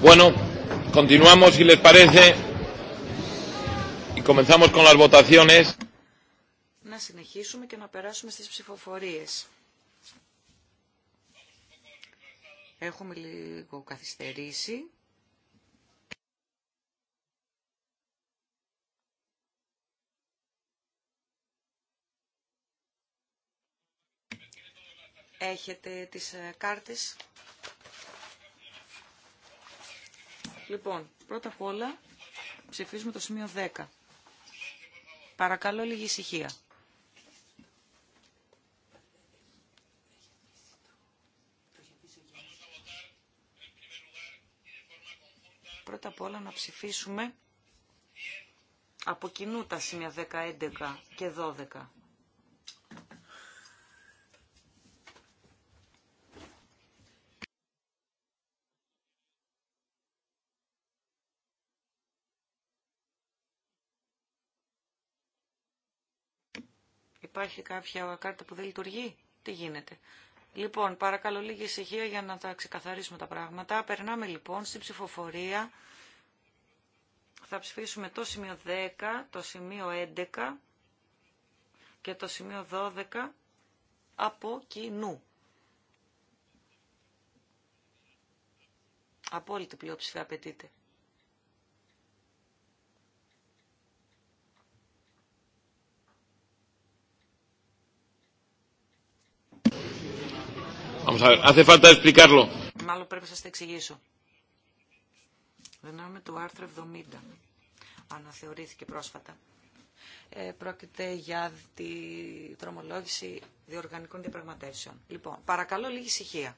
Bueno, continuamos si les parece y comenzamos con las votaciones. Να συνεχίσουμε και να περάσουμε στις ψηφοφορίες. Έχουμε λίγο καθυστερήσει. Έχετε τις ε, κάρτες Λοιπόν, πρώτα απ' όλα ψηφίζουμε το σημείο 10. Παρακαλώ λίγη ησυχία. Πρώτα απ' όλα να ψηφίσουμε από κοινού τα σημεία 10, 11 και 12. υπάρχει κάποια κάρτα που δεν λειτουργεί. Τι γίνεται. Λοιπόν, παρακαλώ λίγη ησυχία για να τα ξεκαθαρίσουμε τα πράγματα. Περνάμε λοιπόν στην ψηφοφορία. Θα ψηφίσουμε το σημείο 10, το σημείο 11 και το σημείο 12 από κοινού. Απόλυτη πλειοψηφία απαιτείται. Μάλλον πρέπει να σας τα εξηγήσω. Δυνάμει του άρθρου 70 αναθεωρήθηκε πρόσφατα. Ε, πρόκειται για τη τρομολόγηση διοργανικών διαπραγματεύσεων. Λοιπόν, παρακαλώ λίγη ησυχία.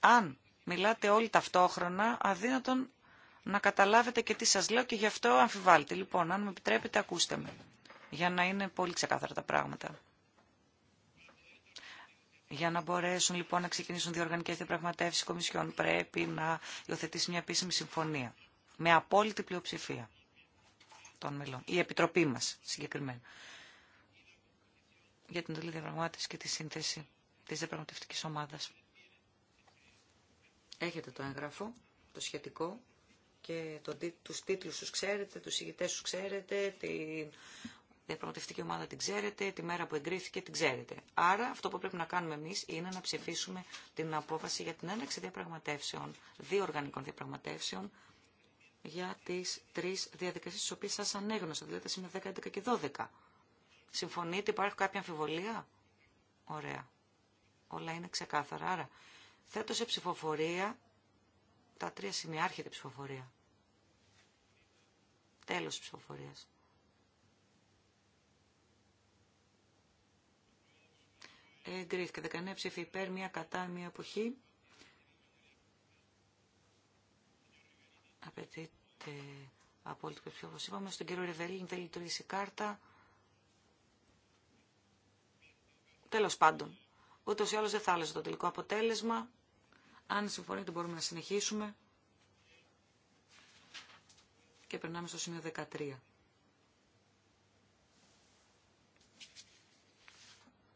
Αν μιλάτε όλοι ταυτόχρονα, αδύνατον να καταλάβετε και τι σας λέω και γι' αυτό αμφιβάλλετε. Λοιπόν, αν με επιτρέπετε, ακούστε με, για να είναι πολύ ξεκάθαρα τα πράγματα. Για να μπορέσουν λοιπόν να ξεκινήσουν διοργανικές διαπραγματεύσεις, κομισιών πρέπει να υιοθετήσει μια επίσημη συμφωνία με απόλυτη πλειοψηφία των μελών. Η Επιτροπή μας συγκεκριμένα για την τελή διαπραγμάτευση και τη σύνθεση της διαπραγματευτικής ομάδας. Έχετε το έγγραφο, το σχετικό και το, τους τίτλους τους ξέρετε, τους ηγητές τους ξέρετε, την διαπραγματευτική ομάδα την ξέρετε, τη μέρα που εγκρίθηκε την ξέρετε. Άρα αυτό που πρέπει να κάνουμε εμείς είναι να ψηφίσουμε την απόφαση για την έναρξη διαπραγματεύσεων, δύο οργανικών διαπραγματεύσεων, για τις τρεις διαδικασίες τις οποίες σας ανέγνωσα, δηλαδή τα σημεία 10, 11 και 12. Συμφωνείτε, υπάρχει κάποια αμφιβολία. Ωραία. Όλα είναι ξεκάθαρα. Άρα θέτω σε ψηφοφορία τα τρία σημεία, άρχεται ψηφοφορία. Τέλος ψηφοφορίας. εγκρίθηκε. 19 ψήφοι υπέρ, μία κατά, μία αποχή. Απαιτείται απόλυτη πλειοψηφία, όπως είπαμε. Στον κύριο Ρεβελίν δεν λειτουργήσε η κάρτα. Τέλος πάντων, ούτως ή άλλως δεν θα άλλαζε το τελικό αποτέλεσμα. Αν συμφωνείτε μπορούμε να συνεχίσουμε. Και περνάμε στο σημείο 13.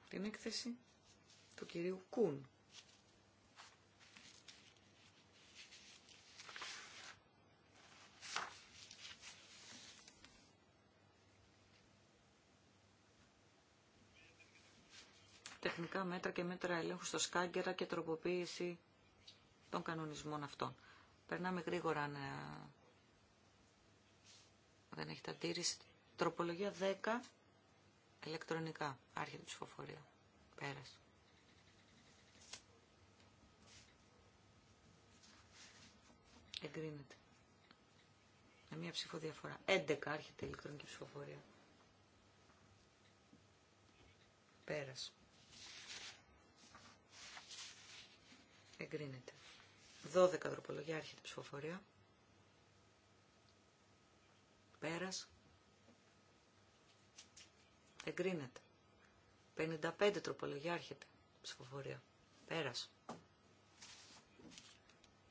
την έκθεση του κυρίου Κούν. Τεχνικά μέτρα και μέτρα ελέγχου στο σκάγκερα και τροποποίηση των κανονισμών αυτών. Περνάμε γρήγορα αν ε, δεν έχετε αντίρρηση. Τροπολογία 10 Ηλεκτρονικά. Άρχεται η ψηφοφορία. Πέρασε. Εγκρίνεται. Με μία ψηφοδιαφορά. 11 άρχεται η ηλεκτρονική ψηφοφορία. Πέρασε. Εγκρίνεται. 12 τροπολογία άρχεται η ψηφοφορία. Πέρασε. Εγκρίνεται. 55 τροπολογία άρχεται. Ψηφοφορία. Πέρασε.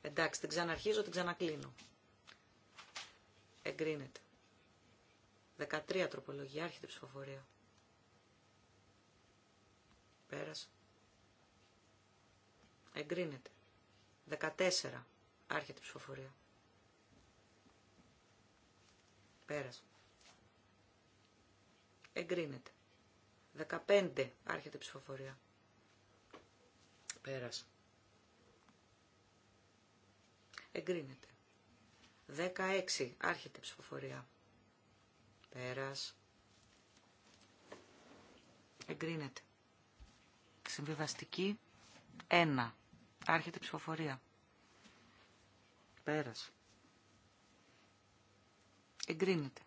Εντάξει, την ξαναρχίζω, την ξανακλίνω. Εγκρίνεται. 13 τροπολογία άρχεται ψηφοφορία. Πέρασε. Εγκρίνεται. 14 άρχεται ψηφοφορία. Πέρασε εγκρίνεται. 15 άρχεται ψηφοφορία. Πέρας. Εγκρίνεται. 16 άρχεται ψηφοφορία. Πέρας. Εγκρίνεται. Συμβιβαστική 1 άρχεται ψηφοφορία. Πέρας. Εγκρίνεται.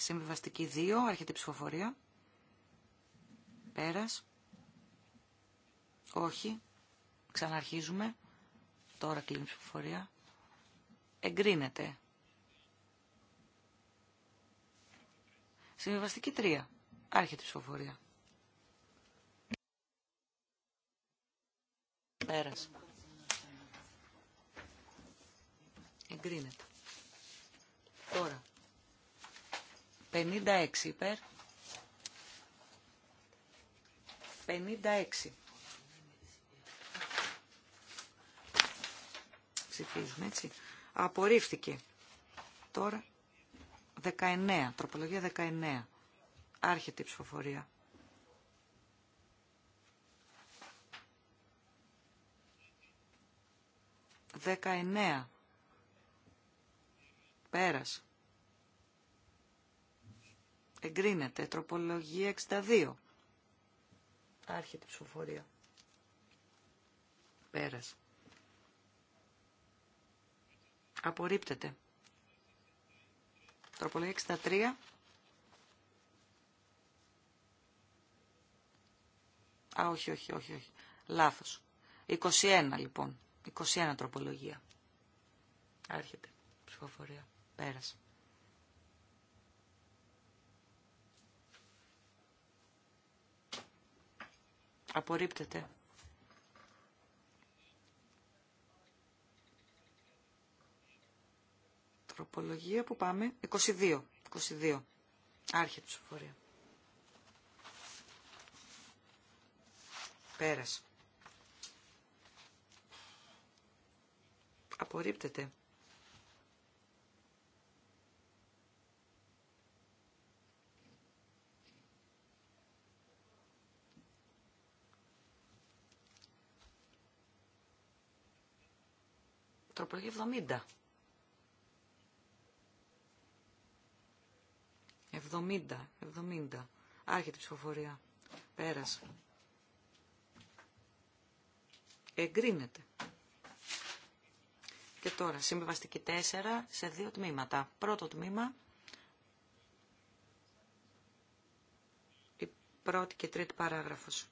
Συμβιβαστική 2, άρχεται η ψηφοφορία. Πέρας. Όχι. Ξαναρχίζουμε. Τώρα κλείνει η ψηφοφορία. Εγκρίνεται. Συμβιβαστική 3. Άρχεται η ψηφοφορία. Πέρας. Εγκρίνεται. Τώρα. 56 υπέρ. 56. Ψηφίζουμε έτσι. Απορρίφθηκε. Τώρα 19. Τροπολογία 19. Άρχεται η ψηφοφορία. 19 Πέρασε. Εγκρίνεται. Τροπολογία 62. Άρχεται η ψηφοφορία. Πέρασε. Απορρίπτεται. Τροπολογία 63. Α, όχι, όχι, όχι, όχι. Λάθος. 21 λοιπόν. 21 τροπολογία. Άρχεται. Ψηφοφορία. Πέρασε. Απορρίπτεται. Τροπολογία που πάμε. 22. 22. του ψηφοφορία. Πέρασε. Απορρίπτεται. Τροπολογία 70. 70, 70. Άρχεται η ψηφοφορία. Πέρασε. Εγκρίνεται. Και τώρα, συμβιβαστική 4 σε δύο τμήματα. Πρώτο τμήμα, η πρώτη και τρίτη παράγραφος.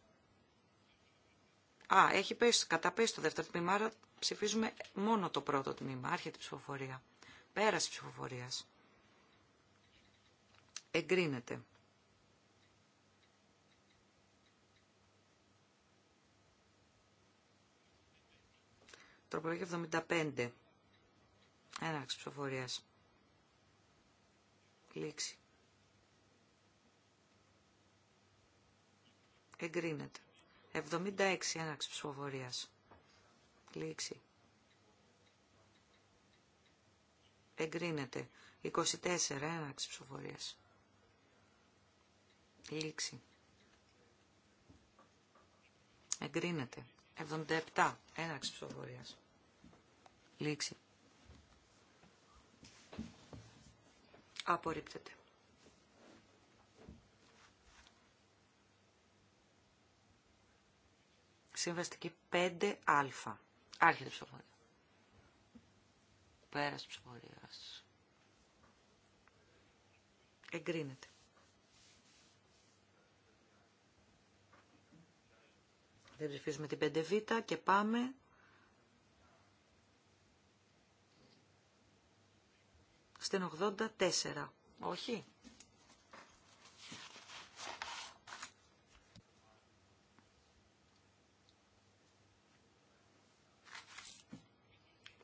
Α, έχει πέσει, καταπέσει το δεύτερο τμήμα, Ψηφίζουμε μόνο το πρώτο τμήμα. Άρχεται η ψηφοφορία. Πέραση ψηφοφορίας. Εγκρίνεται. Τροπολογία 75. Έναρξη ψηφοφορίας. Λήξη. Εγκρίνεται. 76 έναρξη ψηφοφορίας. Λήξη. Εγκρίνεται. 24 έναρξη ψηφοφορίας. Λήξη. Εγκρίνεται. 77 έναρξη ψηφοφορίας. Λήξη. Απορρίπτεται. Συμβαστική 5α. Άρχεται ψηφοφορία. Πέρας ψηφοφορίας. Εγκρίνεται. Δεν ψηφίζουμε την 5β και πάμε στην 84. Όχι.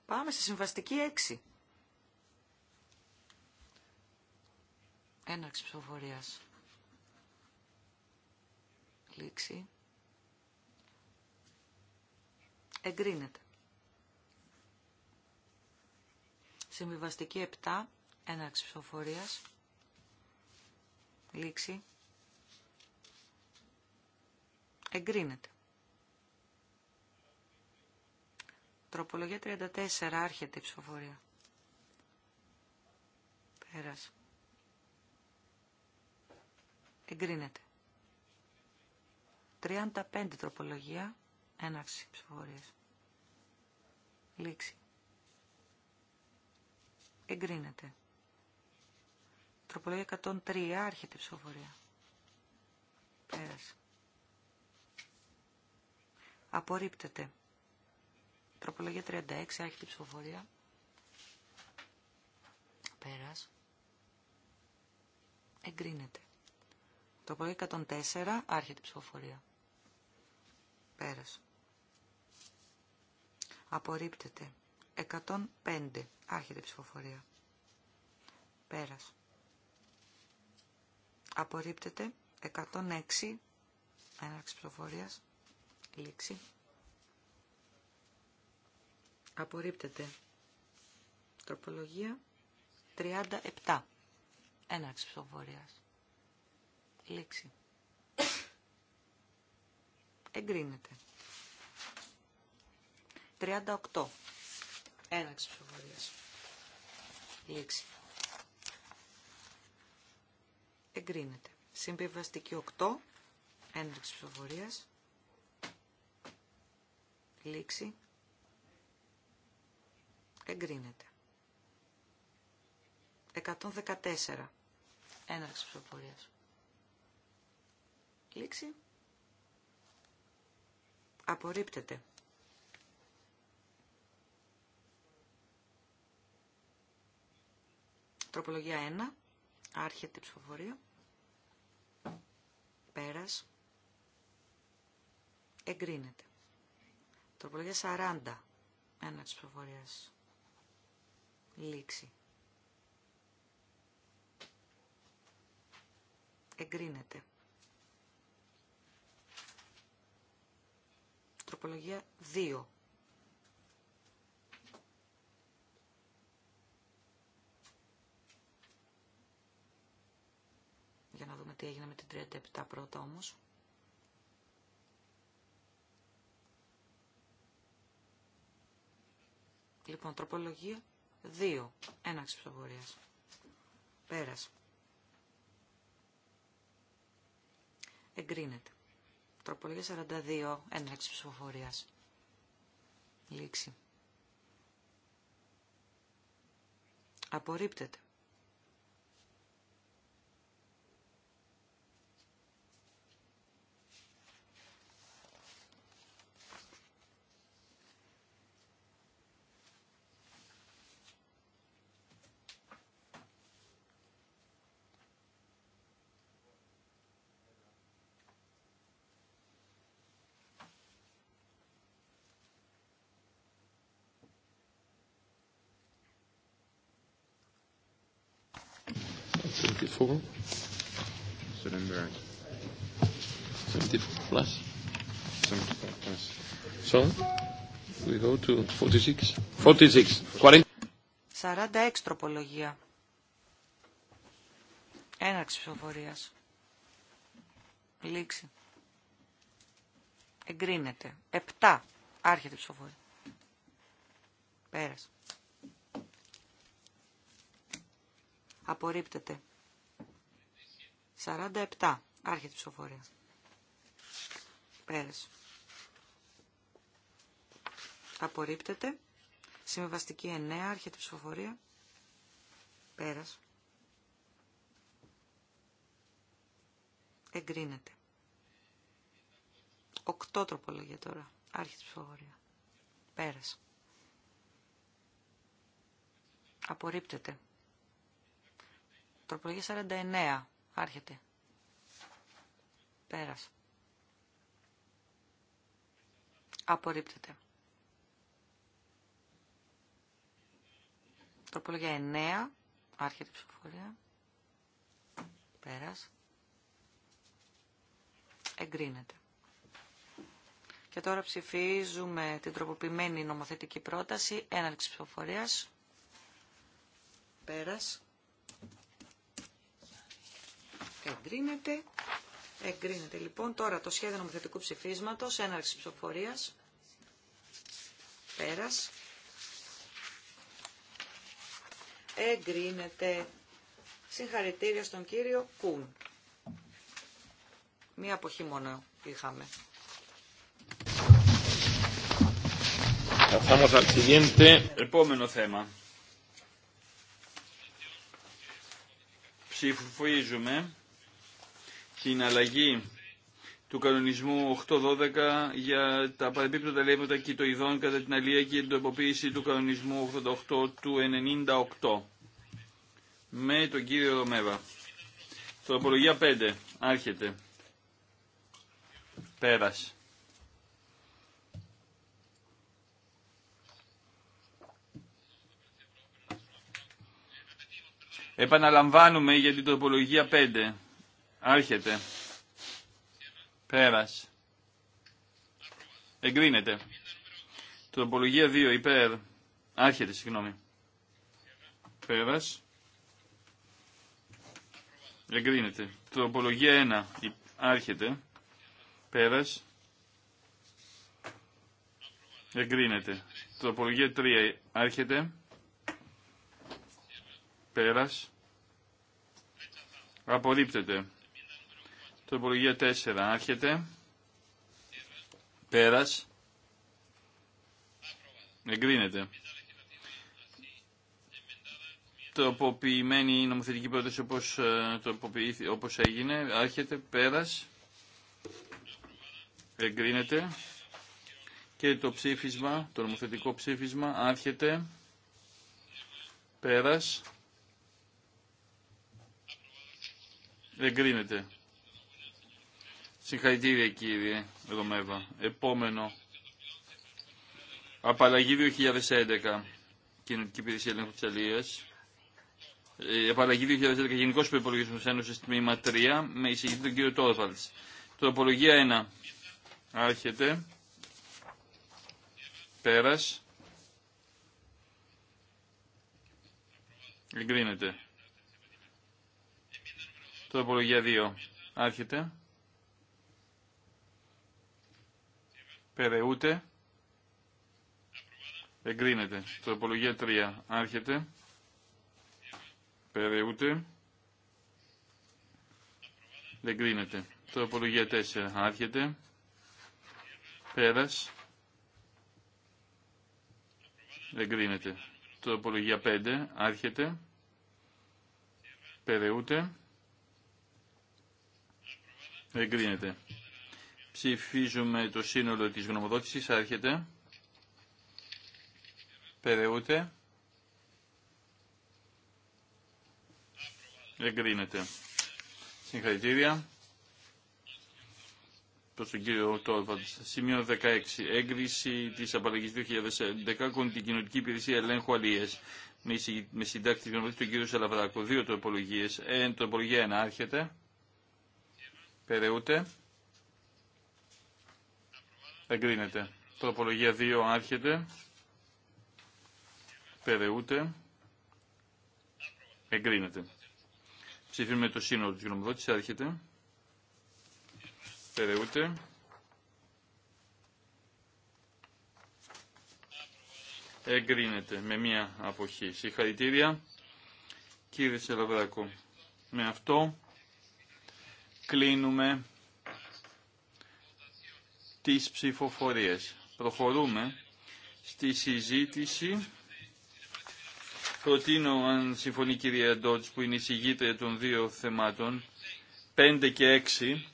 Πάμε στη συμβαστική 6. Έναρξη ψηφοφορία. Λήξη. Εγκρίνεται. Συμβιβαστική 7. Έναρξη ψηφοφορία. Λήξη. Εγκρίνεται. Τροπολογία 34. Άρχεται η ψηφοφορία. Πέρασε. Εγκρίνεται. 35 τροπολογία. Έναρξη ψηφοφορίας. Λήξη. Εγκρίνεται. Τροπολογία 103. Άρχεται η ψηφοφορία. Πέρασε. Απορρίπτεται. Τροπολογία 36, άρχιτη ψηφοφορία. Πέρας. Εγκρίνεται. Τροπολογία 104, άρχιτη ψηφοφορία. Πέρας. Απορρίπτεται. 105, άρχιτη ψηφοφορία. Πέρας. Απορρίπτεται. 106, έναρξη ψηφοφορίας. Λήξη. Απορρίπτεται. Τροπολογία 37. Έναρξη ψηφοφορίας. Λήξη. Εγκρίνεται. 38. Έναρξη ψηφοφορίας. Λήξη. Εγκρίνεται. Συμπεριβαστική 8. Έναρξη ψηφοφορίας. Λήξη. Εγκρίνεται. 114. Έναρξη ψηφοφορίας. Λήξη. Απορρίπτεται. Τροπολογία 1. Άρχεται η ψηφοφορία. Πέρας. Εγκρίνεται. Τροπολογία 40. Έναρξη ψηφοφορίας. Λήξη. Εγκρίνεται. Τροπολογία 2. Για να δούμε τι έγινε με την 37 πρώτα όμως. Λοιπόν, τροπολογία 2. Έναξη ψηφοφορίας. Πέρασε. Εγκρίνεται. Τροπολογία 42. Έναξη ψηφοφορίας. Λήξη. Απορρίπτεται. Σαράντα plus. 46. τροπολογία. Έναρξη ψηφοφορίας. Λήξη. Εγκρίνεται. Επτά Άρχεται ψηφοφορία. Πέρασε. Απορρίπτεται. 47. Άρχεται η ψηφοφορία. Πέρας. Απορρίπτεται. Συμβαστική 9. Άρχεται η ψηφοφορία. Πέρας. Εγκρίνεται. 8 τροπολογία τώρα. Άρχεται η ψηφοφορία. Πέρας. Απορρίπτεται. Τροπολογία 49. Άρχεται. Πέρας. Απορρίπτεται. Τροπολογία 9. Άρχεται η ψηφοφορία. Πέρας. Εγκρίνεται. Και τώρα ψηφίζουμε την τροποποιημένη νομοθετική πρόταση έναρξη ψηφοφορίας. Πέρας εγκρίνεται. Εγκρίνεται λοιπόν τώρα το σχέδιο νομοθετικού ψηφίσματος, έναρξη ψηφοφορία. πέρας. Εγκρίνεται. Συγχαρητήρια στον κύριο Κούν. Μία αποχή μόνο είχαμε. Επόμενο θέμα. Ψηφοφορίζουμε την αλλαγή του κανονισμού 812 για τα παρεμπίπτωτα το κοιτοειδών κατά την αλληλεία και την τοποποίηση του κανονισμού 88 του 98 με τον κύριο Ρομέβα. Τροπολογία 5. Άρχεται. Πέρας. Επαναλαμβάνουμε για την τροπολογία 5. Άρχεται. Πέρας. Εγκρίνεται. Τροπολογία 2 υπέρ. Άρχεται, συγγνώμη. Πέρας. Εγκρίνεται. Τροπολογία 1 άρχεται. Πέρας. Εγκρίνεται. Τροπολογία 3 άρχεται. Πέρας. Απορρίπτεται. Τροπολογία 4. Άρχεται. Πέρας. Εγκρίνεται. Τροποποιημένη η νομοθετική πρόταση όπως, ε, όπως έγινε. Άρχεται. πέρα Εγκρίνεται. Και το ψήφισμα, το νομοθετικό ψήφισμα άρχεται. Πέρας. Εγκρίνεται. Συγχαρητήρια κύριε Ρωμέβα. Επόμενο. Απαλλαγή 2011. Κοινωνική υπηρεσία ελέγχου της Αλίας. Ε, απαλλαγή 2011. Γενικός προϋπολογισμός Ένωσης τμήμα 3 με εισηγητή τον κύριο Τόρφαλτς. Τροπολογία 1. Άρχεται. Πέρας. Εγκρίνεται. Τροπολογία 2. Άρχεται. Περαιούται. Εγκρίνεται. Τροπολογία 3. Άρχεται. Περαιούται. Εγκρίνεται. Τροπολογία 4. Άρχεται. Πέρας. Εγκρίνεται. Τροπολογία 5. Άρχεται. Περαιούται. Εγκρίνεται. Ψηφίζουμε το σύνολο της γνωμοδότησης. Άρχεται. Περαιούται. Εγκρίνεται. Συγχαρητήρια. Προς τον κύριο Τόρβαντ. Σημείο 16. Έγκριση της απαλλαγής 2011 την κοινωνική υπηρεσία ελέγχου αλίες. Με συντάκτη γνωμοδότηση του κύριο Σαλαβράκο. Δύο τροπολογίες. Ε, τροπολογία 1. Άρχεται. Περαιούται. Εγκρίνεται. Τροπολογία 2 άρχεται. Περαιούται. Εγκρίνεται. Ψηφίζουμε το σύνολο της γνωμοδότησης. Άρχεται. Περαιούται. Εγκρίνεται με μία αποχή. Συγχαρητήρια. Κύριε Σελαβράκο, με αυτό κλείνουμε τις ψηφοφορίες. Προχωρούμε στη συζήτηση. Προτείνω, αν συμφωνεί η κυρία Ντότς, που είναι η συγγήτρια των δύο θεμάτων, 5 και 6,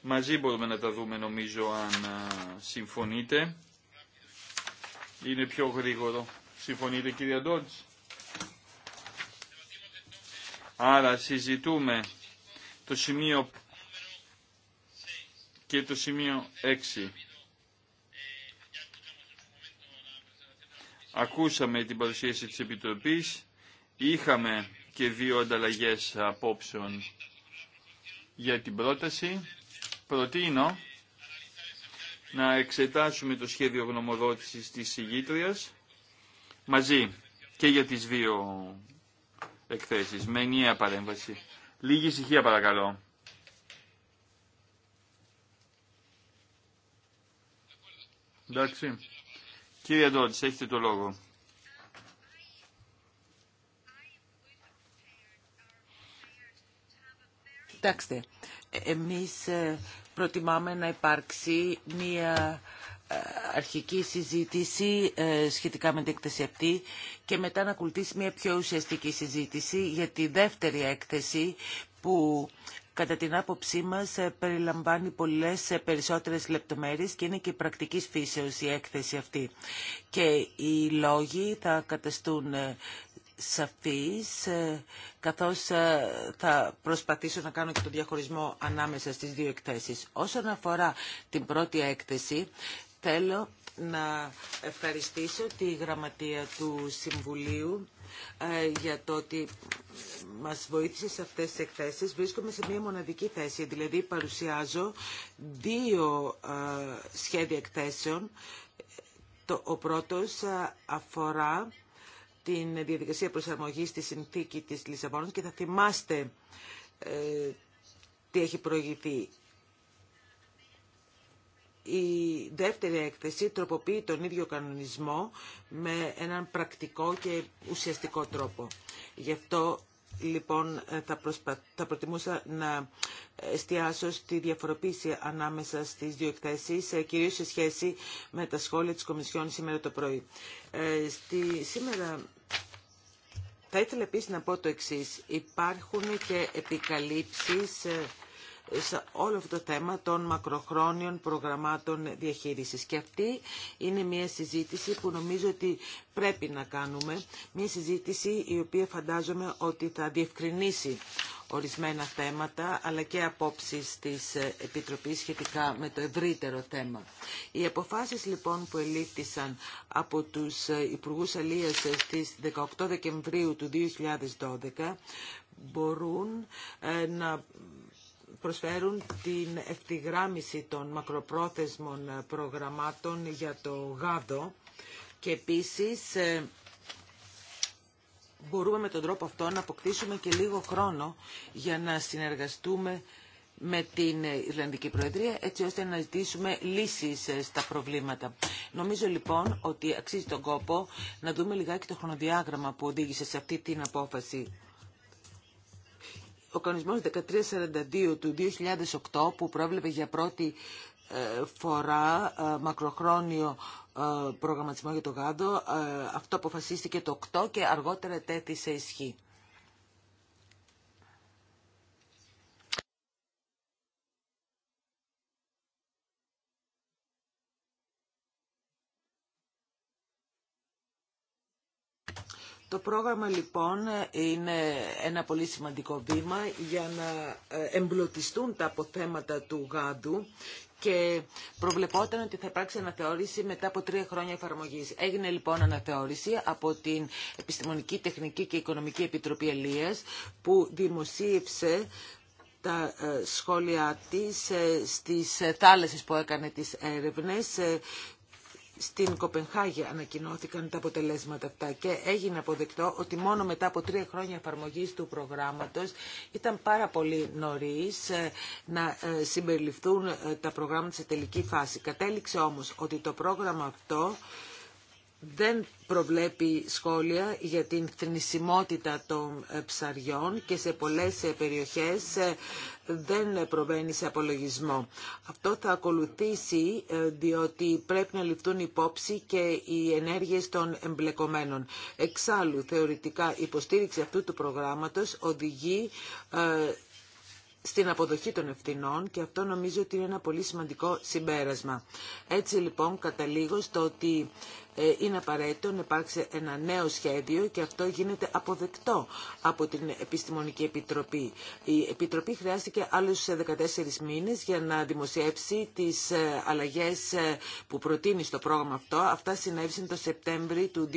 μαζί μπορούμε να τα δούμε νομίζω αν συμφωνείτε. Είναι πιο γρήγορο. Συμφωνείτε κυρία Ντότς. Άρα συζητούμε το σημείο και το σημείο 6. Ακούσαμε την παρουσίαση της Επιτροπής, είχαμε και δύο ανταλλαγές απόψεων για την πρόταση. Προτείνω να εξετάσουμε το σχέδιο γνωμοδότησης της συγγήτριας μαζί και για τις δύο εκθέσεις, με ενιαία παρέμβαση. Λίγη ησυχία παρακαλώ. Εντάξει. Κύριε Ντότς, έχετε το λόγο. Κοιτάξτε, εμείς ε, προτιμάμε να υπάρξει μία ε, αρχική συζήτηση ε, σχετικά με την έκθεση αυτή και μετά να ακολουθήσει μια πιο ουσιαστική συζήτηση για τη δεύτερη έκθεση που κατά την άποψή μας ε, περιλαμβάνει πολλές ε, περισσότερες λεπτομέρειες και είναι και πρακτικής φύσεως η έκθεση αυτή. Και οι λόγοι θα καταστούν ε, σαφείς καθώς θα προσπαθήσω να κάνω και τον διαχωρισμό ανάμεσα στις δύο εκθέσεις. Όσον αφορά την πρώτη έκθεση, θέλω να ευχαριστήσω τη γραμματεία του Συμβουλίου ε, για το ότι μας βοήθησε σε αυτές τις εκθέσεις. Βρίσκομαι σε μία μοναδική θέση, δηλαδή παρουσιάζω δύο ε, σχέδια εκθέσεων. Ο πρώτος ε, αφορά την διαδικασία προσαρμογής στη συνθήκη της Λισαβόνας και θα θυμάστε τι έχει προηγηθεί. Η δεύτερη έκθεση τροποποιεί τον ίδιο κανονισμό με έναν πρακτικό και ουσιαστικό τρόπο. Γι' αυτό λοιπόν ε, θα, προτιμούσα να εστιάσω στη διαφοροποίηση ανάμεσα στις δύο εκθέσεις, ε, κυρίως σε σχέση με τα σχόλια της Κομισιόν σήμερα το πρωί. Ε, στη... Σήμερα θα ήθελα επίσης να πω το εξής. Υπάρχουν και επικαλύψεις σε όλο αυτό το θέμα των μακροχρόνιων προγραμμάτων διαχείρισης. Και αυτή είναι μια συζήτηση που νομίζω ότι πρέπει να κάνουμε, μια συζήτηση η οποία φαντάζομαι ότι θα διευκρινίσει ορισμένα θέματα, αλλά και απόψεις της Επιτροπής σχετικά με το ευρύτερο θέμα. Οι αποφάσεις λοιπόν που ελήφθησαν από τους Υπουργούς Αλίας στις 18 Δεκεμβρίου του 2012 μπορούν ε, να προσφέρουν την ευθυγράμμιση των μακροπρόθεσμων προγραμμάτων για το γάδο και επίσης ε, μπορούμε με τον τρόπο αυτό να αποκτήσουμε και λίγο χρόνο για να συνεργαστούμε με την Ιρλανδική Προεδρία έτσι ώστε να ζητήσουμε λύσεις ε, στα προβλήματα. Νομίζω λοιπόν ότι αξίζει τον κόπο να δούμε λιγάκι το χρονοδιάγραμμα που οδήγησε σε αυτή την απόφαση ο κανονισμός 1342 του 2008 που πρόβλεπε για πρώτη ε, φορά ε, μακροχρόνιο ε, προγραμματισμό για το γάδο. Αυτό αποφασίστηκε το 8 και αργότερα τέθησε ισχύ. Το πρόγραμμα λοιπόν είναι ένα πολύ σημαντικό βήμα για να ε, εμπλουτιστούν τα αποθέματα του ΓΑΝΤΟΥ και προβλεπόταν ότι θα υπάρξει αναθεώρηση μετά από τρία χρόνια εφαρμογή. Έγινε λοιπόν αναθεώρηση από την Επιστημονική, Τεχνική και Οικονομική Επιτροπή Ελίας που δημοσίευσε τα ε, σχόλιά της ε, στις θάλασσες που έκανε τις έρευνες στην Κοπενχάγη ανακοινώθηκαν τα αποτελέσματα αυτά και έγινε αποδεκτό ότι μόνο μετά από τρία χρόνια εφαρμογής του προγράμματος ήταν πάρα πολύ νωρίς ε, να ε, συμπεριληφθούν ε, τα προγράμματα σε τελική φάση. Κατέληξε όμως ότι το πρόγραμμα αυτό δεν προβλέπει σχόλια για την θνησιμότητα των ε, ψαριών και σε πολλές ε, περιοχές ε, δεν προβαίνει σε απολογισμό. Αυτό θα ακολουθήσει διότι πρέπει να ληφθούν υπόψη και οι ενέργειες των εμπλεκομένων. Εξάλλου, θεωρητικά, η υποστήριξη αυτού του προγράμματος οδηγεί στην αποδοχή των ευθυνών και αυτό νομίζω ότι είναι ένα πολύ σημαντικό συμπέρασμα. Έτσι λοιπόν καταλήγω στο ότι ε, είναι απαραίτητο να υπάρξει ένα νέο σχέδιο και αυτό γίνεται αποδεκτό από την Επιστημονική Επιτροπή. Η Επιτροπή χρειάστηκε άλλους 14 ε, μήνες για να δημοσιεύσει τις ε, αλλαγές που προτείνει στο πρόγραμμα αυτό. Αυτά συνέβησαν το Σεπτέμβρη του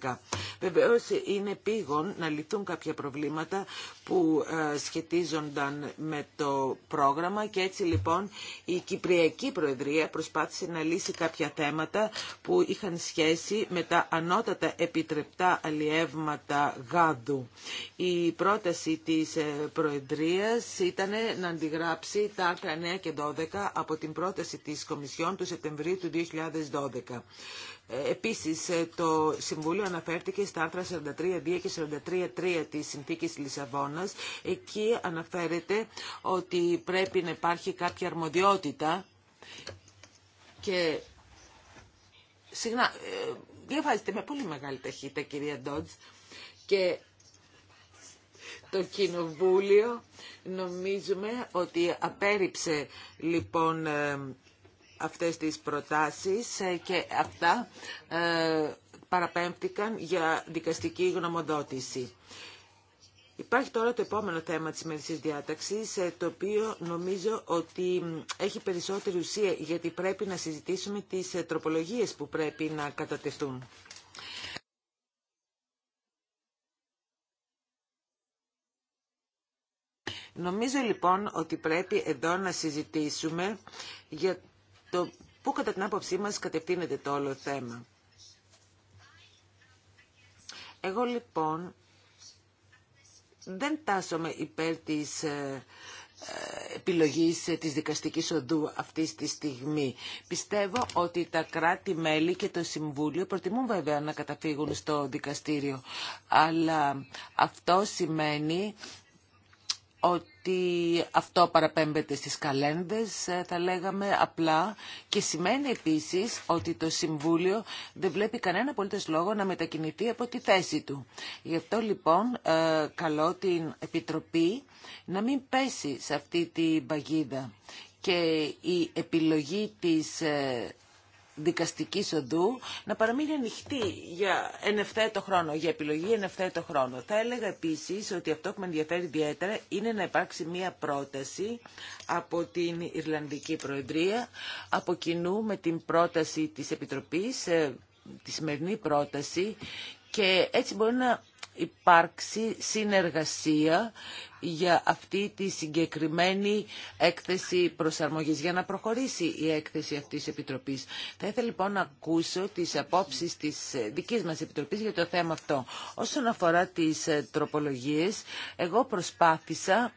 2012. Βεβαίω είναι πήγον να λυθούν κάποια προβλήματα που σχετίζονταν με το πρόγραμμα και έτσι λοιπόν η Κυπριακή Προεδρία προσπάθησε να λύσει κάποια θέματα που είχαν σχέση με τα ανώτατα επιτρεπτά αλλιεύματα γάδου. Η πρόταση της ε, Προεδρίας ήταν να αντιγράψει τα άρθρα 9 και 12 από την πρόταση της Κομισιόν του Σεπτεμβρίου του 2012. Ε, επίσης, ε, το Συμβούλιο αναφέρθηκε στα άρθρα 43.2 και 43.3 της Συνθήκης Λισαβόνας. Εκεί αναφέρεται ότι πρέπει να υπάρχει κάποια αρμοδιότητα και Συγγνώμη, ε, διαβάζετε με πολύ μεγάλη ταχύτητα κυρία Ντότζ και το Κοινοβούλιο νομίζουμε ότι απέρριψε λοιπόν ε, αυτές τις προτάσεις ε, και αυτά παραπέμπτηκαν για δικαστική γνωμοδότηση. Υπάρχει τώρα το επόμενο θέμα της σημερινής διάταξης, ε, το οποίο νομίζω ότι έχει περισσότερη ουσία, γιατί πρέπει να συζητήσουμε τις ε, τροπολογίες που πρέπει να κατατεθούν. Νομίζω λοιπόν ότι πρέπει εδώ να συζητήσουμε για το πού κατά την άποψή μας κατευθύνεται το όλο θέμα. Εγώ λοιπόν δεν τάσομαι υπέρ της ε, ε, επιλογής ε, της δικαστικής οδού αυτή τη στιγμή. Πιστεύω ότι τα κράτη-μέλη και το Συμβούλιο προτιμούν βέβαια να καταφύγουν στο δικαστήριο. Αλλά αυτό σημαίνει ότι αυτό παραπέμπεται στις καλένδες, ε, θα λέγαμε απλά, και σημαίνει επίσης ότι το Συμβούλιο δεν βλέπει κανένα απολύτως λόγο να μετακινηθεί από τη θέση του. Γι' αυτό λοιπόν ε, καλώ την Επιτροπή να μην πέσει σε αυτή την παγίδα και η επιλογή της ε, Δικαστική οδού να παραμείνει ανοιχτή για εν χρόνο, για επιλογή εν ευθέτω χρόνο. Θα έλεγα επίσης ότι αυτό που με ενδιαφέρει ιδιαίτερα είναι να υπάρξει μία πρόταση από την Ιρλανδική Προεδρία, από κοινού με την πρόταση της Επιτροπής, ε, τη σημερινή πρόταση και έτσι μπορεί να υπάρξει συνεργασία για αυτή τη συγκεκριμένη έκθεση προσαρμογής, για να προχωρήσει η έκθεση αυτής της Επιτροπής. Θα ήθελα λοιπόν να ακούσω τις απόψεις της ε, δικής μας Επιτροπής για το θέμα αυτό. Όσον αφορά τις ε, τροπολογίες, εγώ προσπάθησα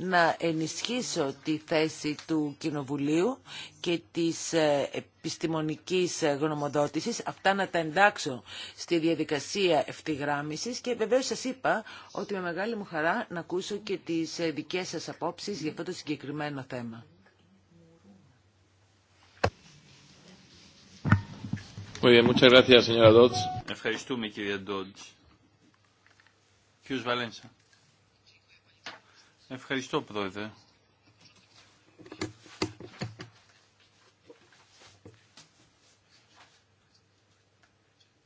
να ενισχύσω τη θέση του Κοινοβουλίου και της ε, επιστημονικής ε, γνωμοδότησης, αυτά να τα εντάξω στη διαδικασία ευθυγράμμισης και βεβαίως σας είπα ότι με μεγάλη μου χαρά να ακούσω και τις ε, δικές σας απόψεις για αυτό το συγκεκριμένο θέμα. Ευχαριστούμε κυρία Ντότζ. Κύριος Βαλένσα. Ευχαριστώ, Πρόεδρε.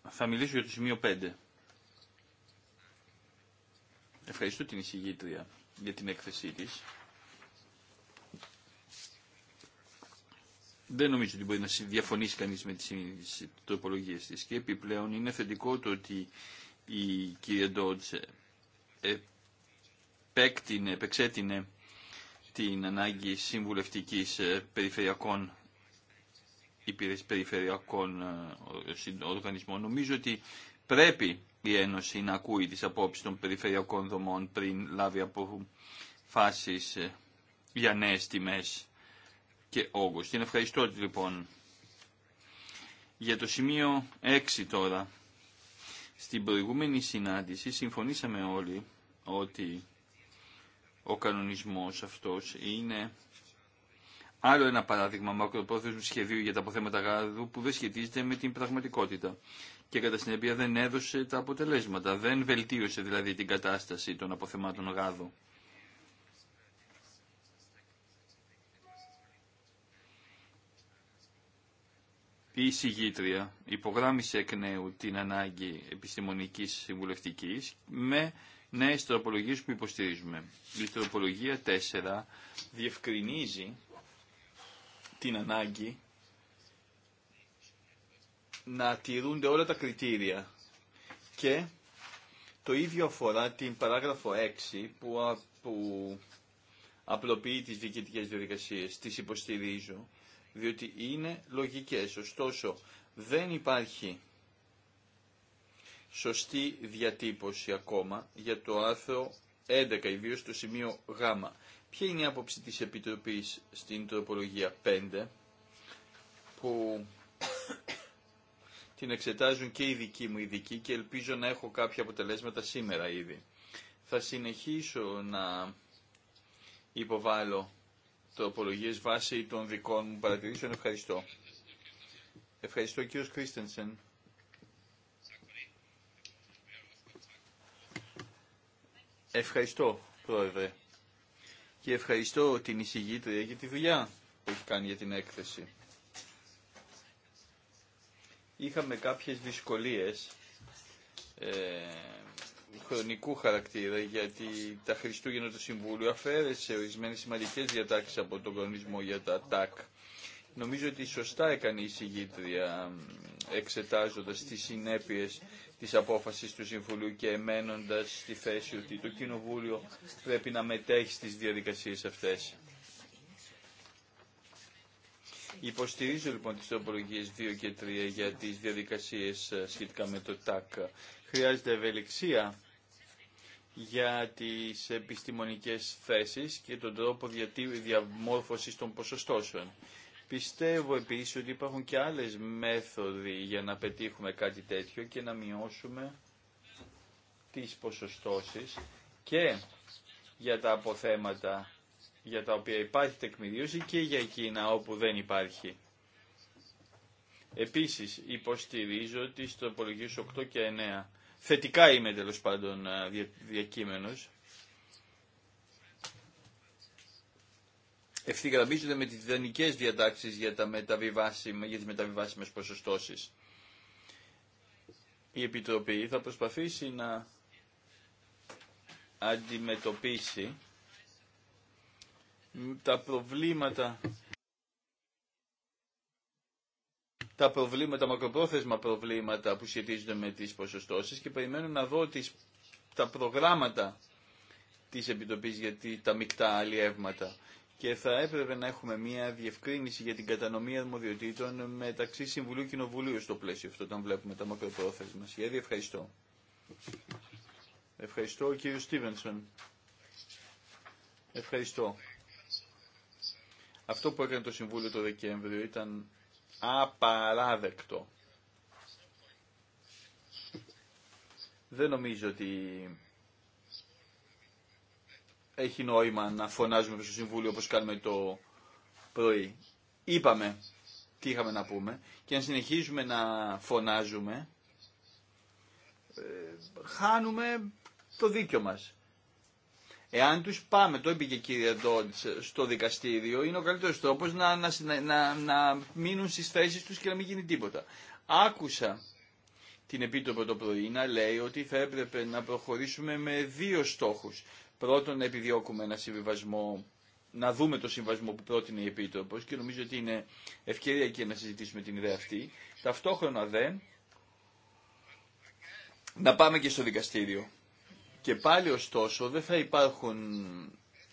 Θα μιλήσω για το σημείο 5. Ευχαριστώ την εισηγήτρια για την έκθεσή της. Δεν νομίζω ότι μπορεί να διαφωνήσει κανείς με τις τροπολογίες της και επιπλέον είναι θετικό το ότι η κυρία Ντότσε ε, επέκτηνε, επεξέτεινε την ανάγκη συμβουλευτικής ε, περιφερειακών περιφερειακών ε, οργανισμών. Νομίζω ότι πρέπει η Ένωση να ακούει τις απόψεις των περιφερειακών δομών πριν λάβει φάσεις ε, για νέες τιμές και όγκους. Την ευχαριστώ λοιπόν για το σημείο 6 τώρα. Στην προηγούμενη συνάντηση συμφωνήσαμε όλοι ότι ο κανονισμός αυτός είναι άλλο ένα παράδειγμα μακροπρόθεσμου σχεδίου για τα αποθέματα γάδου που δεν σχετίζεται με την πραγματικότητα και κατά συνέπεια δεν έδωσε τα αποτελέσματα, δεν βελτίωσε δηλαδή την κατάσταση των αποθεμάτων γάδου. Η συγγήτρια υπογράμμισε εκ νέου την ανάγκη επιστημονικής συμβουλευτικής με νέες τροπολογίες που υποστηρίζουμε. Η τροπολογία 4 διευκρινίζει την ανάγκη να τηρούνται όλα τα κριτήρια και το ίδιο αφορά την παράγραφο 6 που, που απλοποιεί τις διοικητικές διαδικασίες. Τις υποστηρίζω, διότι είναι λογικές. Ωστόσο, δεν υπάρχει σωστή διατύπωση ακόμα για το άρθρο 11, ιδίω το σημείο Γ. Ποια είναι η άποψη της Επιτροπής στην τροπολογία 5, που την εξετάζουν και οι δικοί μου ειδικοί και ελπίζω να έχω κάποια αποτελέσματα σήμερα ήδη. Θα συνεχίσω να υποβάλω τροπολογίες βάσει των δικών μου παρατηρήσεων. Ευχαριστώ. Ευχαριστώ κύριος Κρίστενσεν. Ευχαριστώ, Πρόεδρε. Και ευχαριστώ την εισηγήτρια για τη δουλειά που έχει κάνει για την έκθεση. Είχαμε κάποιες δυσκολίες ε, χρονικού χαρακτήρα γιατί τα Χριστούγεννα του Συμβούλου αφαίρεσε ορισμένες σημαντικές διατάξεις από τον κανονισμό για τα ΤΑΚ. Νομίζω ότι σωστά έκανε η εισηγήτρια εξετάζοντας τις συνέπειες της απόφασης του Συμβουλίου και εμένοντας στη θέση ότι το Κοινοβούλιο πρέπει να μετέχει στις διαδικασίες αυτές. Υποστηρίζω λοιπόν τις τροπολογίες 2 και 3 για τις διαδικασίες ε, σχετικά με το ΤΑΚ. Χρειάζεται ευελιξία για τις επιστημονικές θέσεις και τον τρόπο διαμόρφωσης των ποσοστώσεων. Πιστεύω επίσης ότι υπάρχουν και άλλες μέθοδοι για να πετύχουμε κάτι τέτοιο και να μειώσουμε τις ποσοστώσεις και για τα αποθέματα για τα οποία υπάρχει τεκμηρίωση και για εκείνα όπου δεν υπάρχει. Επίσης υποστηρίζω στο τροπολογίες 8 και 9. Θετικά είμαι τέλο πάντων ε, διακείμενος. ευθυγραμμίζονται με τις δανεικές διατάξεις για, τα μεταβιβάσιμα, για τις μεταβιβάσιμες ποσοστώσεις. Η Επιτροπή θα προσπαθήσει να αντιμετωπίσει τα προβλήματα τα προβλήματα, μακροπρόθεσμα προβλήματα που σχετίζονται με τις ποσοστώσεις και περιμένω να δω τις, τα προγράμματα της Επιτροπής για τα μεικτά αλλιεύματα και θα έπρεπε να έχουμε μια διευκρίνηση για την κατανομή αρμοδιοτήτων μεταξύ Συμβουλίου και Κοινοβουλίου στο πλαίσιο αυτό, όταν βλέπουμε τα μακροπρόθεσμα σχέδια. Ευχαριστώ. Ευχαριστώ, ο κύριο Στίβενσον. Ευχαριστώ. Αυτό που έκανε το Συμβούλιο το Δεκέμβριο ήταν απαράδεκτο. Δεν νομίζω ότι έχει νόημα να φωνάζουμε στο Συμβούλιο όπως κάνουμε το πρωί. Είπαμε τι είχαμε να πούμε και αν συνεχίζουμε να φωνάζουμε ε, χάνουμε το δίκιο μας. Εάν τους πάμε, το είπε και η κυρία στο δικαστήριο, είναι ο καλύτερος τρόπος να, να, να, μείνουν στις θέσεις τους και να μην γίνει τίποτα. Άκουσα την Επίτροπο το πρωί να λέει ότι θα έπρεπε να προχωρήσουμε με δύο στόχους. Πρώτον, να επιδιώκουμε ένα συμβιβασμό, να δούμε το συμβασμό που πρότεινε η Επίτροπο και νομίζω ότι είναι ευκαιρία και να συζητήσουμε την ιδέα αυτή. Ταυτόχρονα δε, να πάμε και στο δικαστήριο. Και πάλι ωστόσο δεν θα υπάρχουν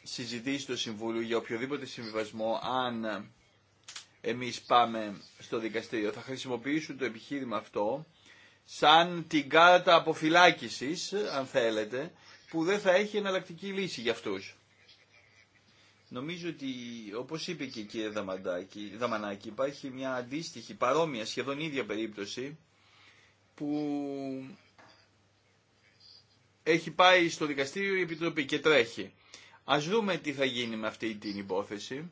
συζητήσει στο Συμβούλιο για οποιοδήποτε συμβιβασμό αν εμείς πάμε στο δικαστήριο. Θα χρησιμοποιήσουν το επιχείρημα αυτό σαν την κάρτα αποφυλάκησης, αν θέλετε, που δεν θα έχει εναλλακτική λύση για αυτούς. Νομίζω ότι, όπως είπε και η κυρία Δαμανάκη, υπάρχει μια αντίστοιχη, παρόμοια, σχεδόν ίδια περίπτωση, που έχει πάει στο δικαστήριο η Επιτροπή και τρέχει. Ας δούμε τι θα γίνει με αυτή την υπόθεση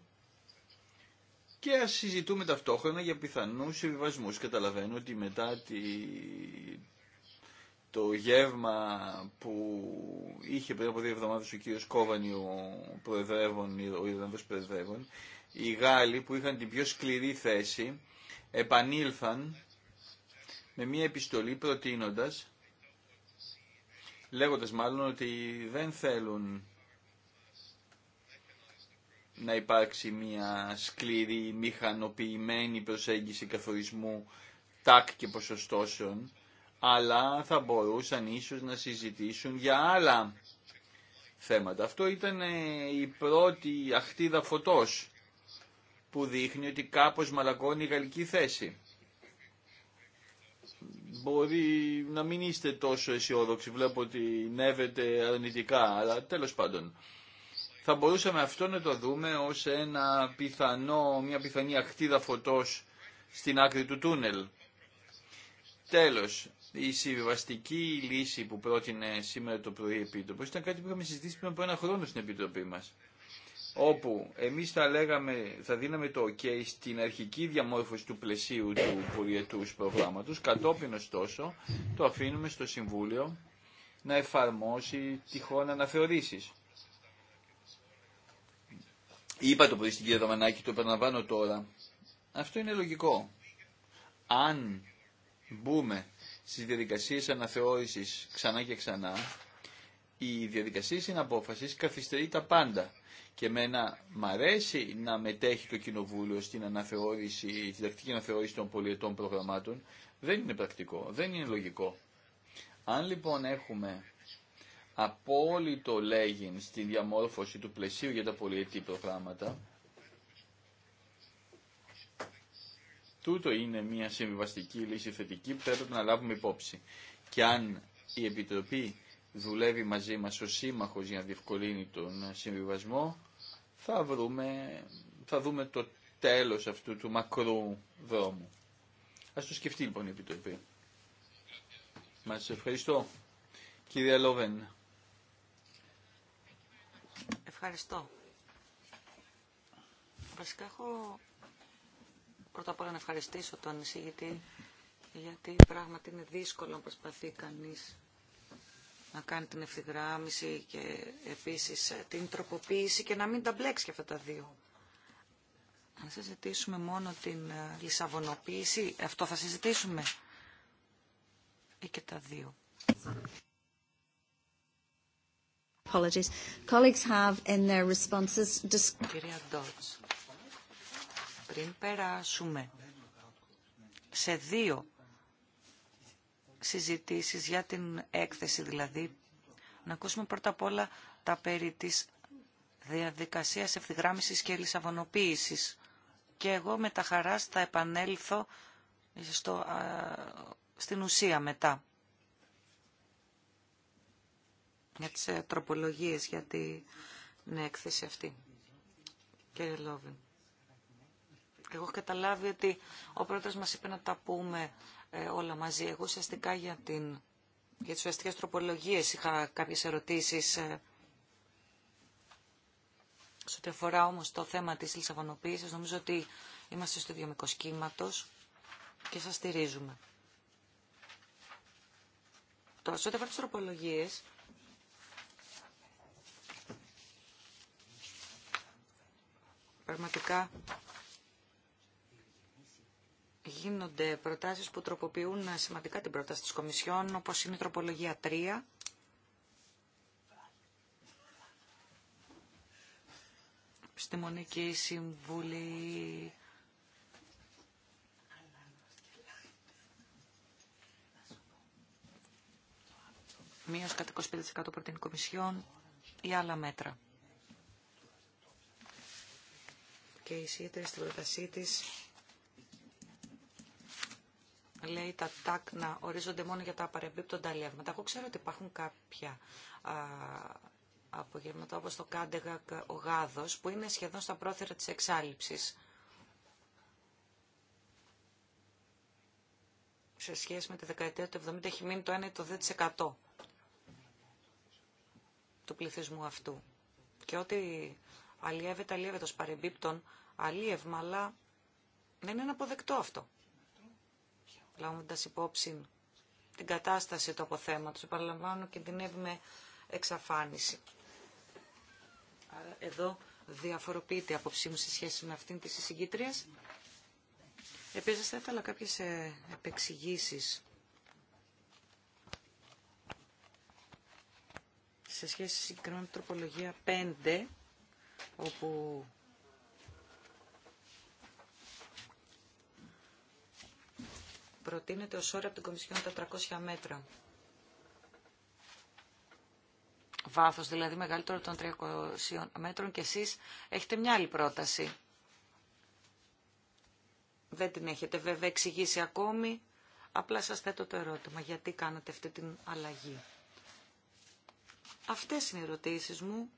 και ας συζητούμε ταυτόχρονα για πιθανούς συμβιβασμούς. Καταλαβαίνω ότι μετά τη το γεύμα που είχε πριν από δύο εβδομάδες ο κύριος Κόβανη, ο, προεδρεύων, ο Προεδρεύων, οι Γάλλοι που είχαν την πιο σκληρή θέση επανήλθαν με μία επιστολή προτείνοντας, λέγοντας μάλλον ότι δεν θέλουν να υπάρξει μία σκληρή μηχανοποιημένη προσέγγιση καθορισμού τάκ και ποσοστώσεων, αλλά θα μπορούσαν ίσως να συζητήσουν για άλλα θέματα. Αυτό ήταν ε, η πρώτη αχτίδα φωτός που δείχνει ότι κάπως μαλακώνει η γαλλική θέση. Μπορεί να μην είστε τόσο αισιόδοξοι, βλέπω ότι νεύετε αρνητικά, αλλά τέλος πάντων. Θα μπορούσαμε αυτό να το δούμε ως ένα πιθανό, μια πιθανή ακτίδα φωτός στην άκρη του τούνελ. Τέλος, η συμβιβαστική λύση που πρότεινε σήμερα το πρωί η Επίτροπο ήταν κάτι που είχαμε συζητήσει πριν από ένα χρόνο στην Επιτροπή μα. Όπου εμεί θα, λέγαμε, θα δίναμε το OK στην αρχική διαμόρφωση του πλαισίου του πολιετού προγράμματο, κατόπιν ωστόσο το αφήνουμε στο Συμβούλιο να εφαρμόσει τυχόν αναθεωρήσει. Είπα το πρωί στην κυρία Δαμανάκη, το επαναλαμβάνω τώρα. Αυτό είναι λογικό. Αν μπούμε στις διαδικασίες αναθεώρησης ξανά και ξανά, η διαδικασία συναπόφασης καθυστερεί τα πάντα. Και εμένα μ' αρέσει να μετέχει το Κοινοβούλιο στην αναθεώρηση, στην τακτική αναθεώρηση των πολιετών προγραμμάτων. Δεν είναι πρακτικό, δεν είναι λογικό. Αν λοιπόν έχουμε απόλυτο λέγειν στη διαμόρφωση του πλαισίου για τα πολιετή προγράμματα, τούτο είναι μια συμβιβαστική λύση θετική που θα έπρεπε να λάβουμε υπόψη. Και αν η Επιτροπή δουλεύει μαζί μας ως σύμμαχος για να διευκολύνει τον συμβιβασμό, θα, βρούμε, θα δούμε το τέλος αυτού του μακρού δρόμου. Ας το σκεφτεί λοιπόν η Επιτροπή. Μας ευχαριστώ. Κυρία Λόβεν. Ευχαριστώ. Βασικά έχω Πρώτα απ' όλα να ευχαριστήσω τον εισηγητή, γιατί πράγματι είναι δύσκολο να προσπαθεί κανείς να κάνει την ευθυγράμμιση και επίσης ε, την τροποποίηση και να μην τα μπλέξει και αυτά τα δύο. Αν συζητήσουμε μόνο την ε, λισαβονοποίηση, αυτό θα συζητήσουμε ή ε, και τα δύο. Colleagues have in their responses πριν περάσουμε σε δύο συζητήσεις για την έκθεση δηλαδή, να ακούσουμε πρώτα απ' όλα τα περί της διαδικασίας ευθυγράμμισης και λησαβονοποίησης. Και εγώ με τα χαράς θα επανέλθω στο, στην ουσία μετά. Για τις ε, τροπολογίες για την έκθεση αυτή. Κύριε Λόβιν. Εγώ έχω καταλάβει ότι ο πρόεδρος μας είπε να τα πούμε ε, όλα μαζί. Εγώ ουσιαστικά για, την, για τις ουσιαστικές τροπολογίες είχα κάποιες ερωτήσεις. Ε, σε ό,τι αφορά όμως το θέμα της λισαβονοποίησης. νομίζω ότι είμαστε στο ίδιο σχήματο και σας στηρίζουμε. Τώρα, σε ό,τι αφορά τις τροπολογίες, πραγματικά γίνονται προτάσεις που τροποποιούν σημαντικά την πρόταση της Κομισιόν, όπως είναι η τροπολογία 3. Επιστημονική Συμβουλή μείωση κατά 25% προτείνει κομισιόν ή άλλα μέτρα. Και η ΣΥΤΡΕ στην πρότασή της λέει τα τάκ να ορίζονται μόνο για τα παρεμπίπτοντα αλλιεύματα. Εγώ ξέρω ότι υπάρχουν κάποια α, απογεύματα όπως το Κάντεγα ο Γάδος που είναι σχεδόν στα πρόθερα της εξάλληψης. Σε σχέση με τη δεκαετία του 70 έχει μείνει το 1 ή το 2% του πληθυσμού αυτού. Και ότι αλλιεύεται, αλλιεύεται ως παρεμπίπτον αλλιεύμα, αλλά δεν είναι αποδεκτό αυτό λάβοντα υπόψη την κατάσταση του αποθέματος. και την με εξαφάνιση. Άρα εδώ διαφοροποιείται η απόψή μου σε σχέση με αυτήν της εισηγήτριας. Επίσης θα ήθελα κάποιες ε, επεξηγήσεις σε σχέση με την τροπολογία 5 όπου προτείνεται ως ώρα από την Κομισιόν τα 300 μέτρα. Βάθος δηλαδή μεγαλύτερο των 300 μέτρων και εσείς έχετε μια άλλη πρόταση. Δεν την έχετε βέβαια εξηγήσει ακόμη. Απλά σας θέτω το ερώτημα γιατί κάνετε αυτή την αλλαγή. Αυτές είναι οι ερωτήσεις μου,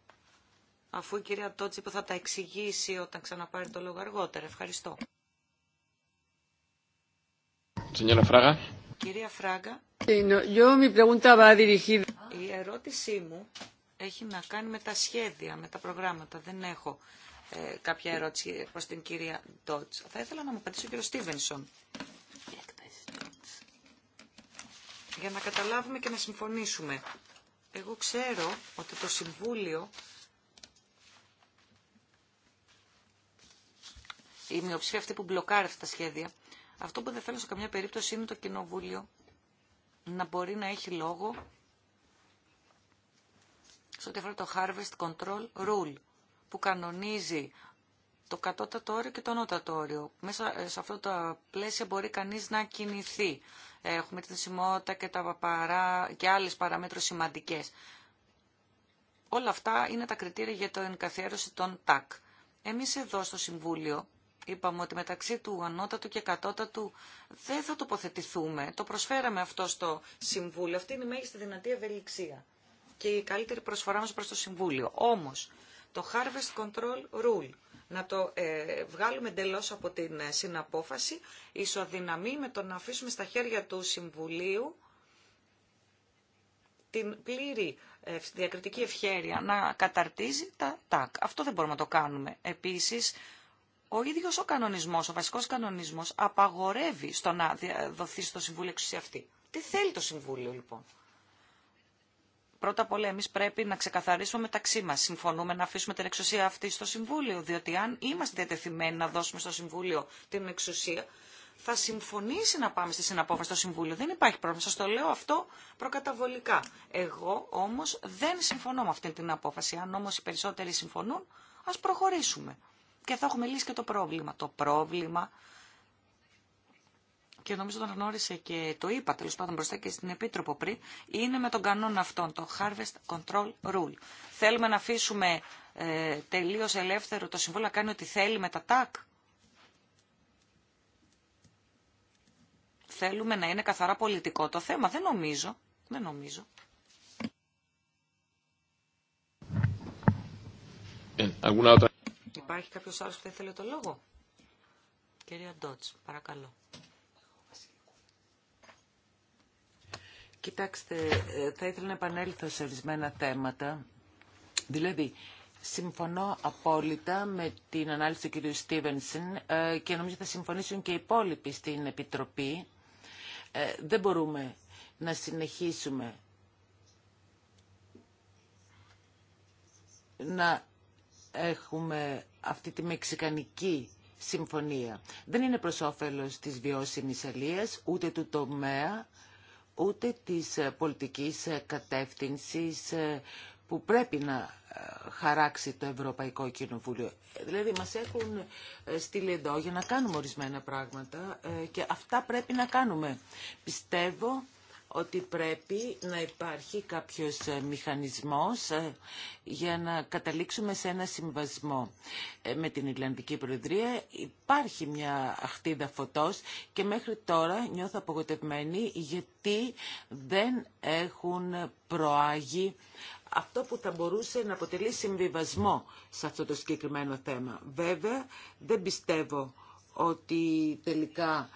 αφού η κυρία Τότσι που θα τα εξηγήσει όταν ξαναπάρει το λόγο αργότερα. Ευχαριστώ. Κυρία Φράγκα, η ερώτησή μου έχει να κάνει με τα σχέδια, με τα προγράμματα. Δεν έχω ε, κάποια ερώτηση προς την κυρία Ντότς. Θα ήθελα να μου απαντήσει ο κύριος Στίβενσον. Για να καταλάβουμε και να συμφωνήσουμε. Εγώ ξέρω ότι το Συμβούλιο η μειοψηφία αυτή που μπλοκάρει αυτά τα σχέδια αυτό που δεν θέλω σε καμιά περίπτωση είναι το Κοινοβούλιο να μπορεί να έχει λόγο σε ό,τι αφορά το Harvest Control Rule που κανονίζει το κατώτατο όριο και το ανώτατο όριο. Μέσα ε, σε αυτό το πλαίσιο μπορεί κανείς να κινηθεί. Έχουμε τη σημότητα και, τα παρά, και άλλες παραμέτρους σημαντικές. Όλα αυτά είναι τα κριτήρια για την καθιέρωση των ΤΑΚ. Εμείς εδώ στο Συμβούλιο Είπαμε ότι μεταξύ του ανώτατου και κατώτατου δεν θα τοποθετηθούμε. Το προσφέραμε αυτό στο Συμβούλιο. Αυτή είναι η μέγιστη δυνατή ευελιξία και η καλύτερη προσφορά μας προς το Συμβούλιο. Όμως, το Harvest Control Rule, να το ε, βγάλουμε εντελώ από την ε, συναπόφαση, ισοδυναμεί με το να αφήσουμε στα χέρια του Συμβουλίου την πλήρη ε, διακριτική ευχέρεια να καταρτίζει τα ΤΑΚ. Αυτό δεν μπορούμε να το κάνουμε. Επίσης, ο ίδιος ο κανονισμός, ο βασικός κανονισμός απαγορεύει στο να δοθεί στο Συμβούλιο εξουσία αυτή. Τι θέλει το Συμβούλιο λοιπόν. Πρώτα απ' όλα εμεί πρέπει να ξεκαθαρίσουμε μεταξύ μα. Συμφωνούμε να αφήσουμε την εξουσία αυτή στο Συμβούλιο, διότι αν είμαστε διατεθειμένοι να δώσουμε στο Συμβούλιο την εξουσία, θα συμφωνήσει να πάμε στη συναπόφαση στο Συμβούλιο. Δεν υπάρχει πρόβλημα. Σα το λέω αυτό προκαταβολικά. Εγώ όμω δεν συμφωνώ με αυτή την απόφαση. Αν όμω οι περισσότεροι συμφωνούν, α προχωρήσουμε και θα έχουμε λύσει και το πρόβλημα. Το πρόβλημα, και νομίζω τον γνώρισε και το είπα τέλο πάντων μπροστά και στην Επίτροπο πριν, είναι με τον κανόνα αυτόν, το Harvest Control Rule. Θέλουμε να αφήσουμε ε, τελείω ελεύθερο το συμβόλαιο να κάνει ό,τι θέλει με τα ΤΑΚ. Θέλουμε να είναι καθαρά πολιτικό το θέμα. Δεν νομίζω. Δεν νομίζω. Υπάρχει κάποιος άλλος που θα ήθελε το λόγο. Κυρία Ντότς, παρακαλώ. Κοιτάξτε, ε, θα ήθελα να επανέλθω σε ορισμένα θέματα. Δηλαδή, συμφωνώ απόλυτα με την ανάλυση του κυρίου Στίβενσεν ε, και νομίζω θα συμφωνήσουν και οι υπόλοιποι στην Επιτροπή. Ε, δεν μπορούμε να συνεχίσουμε να έχουμε αυτή τη μεξικανική συμφωνία. Δεν είναι προς όφελος της βιώσιμης αλίας, ούτε του τομέα, ούτε της ε, πολιτικής ε, κατεύθυνσης ε, που πρέπει να χαράξει το Ευρωπαϊκό Κοινοβούλιο. Δηλαδή μας έχουν στείλει εδώ για να κάνουμε ορισμένα πράγματα και αυτά πρέπει να κάνουμε. Πιστεύω ότι πρέπει να υπάρχει κάποιος ε, μηχανισμός ε, για να καταλήξουμε σε ένα συμβασμό. Ε, με την Ιρλανδική Προεδρία υπάρχει μια αχτίδα φωτός και μέχρι τώρα νιώθω απογοτευμένη γιατί δεν έχουν προάγει αυτό που θα μπορούσε να αποτελεί συμβιβασμό σε αυτό το συγκεκριμένο θέμα. Βέβαια, δεν πιστεύω ότι τελικά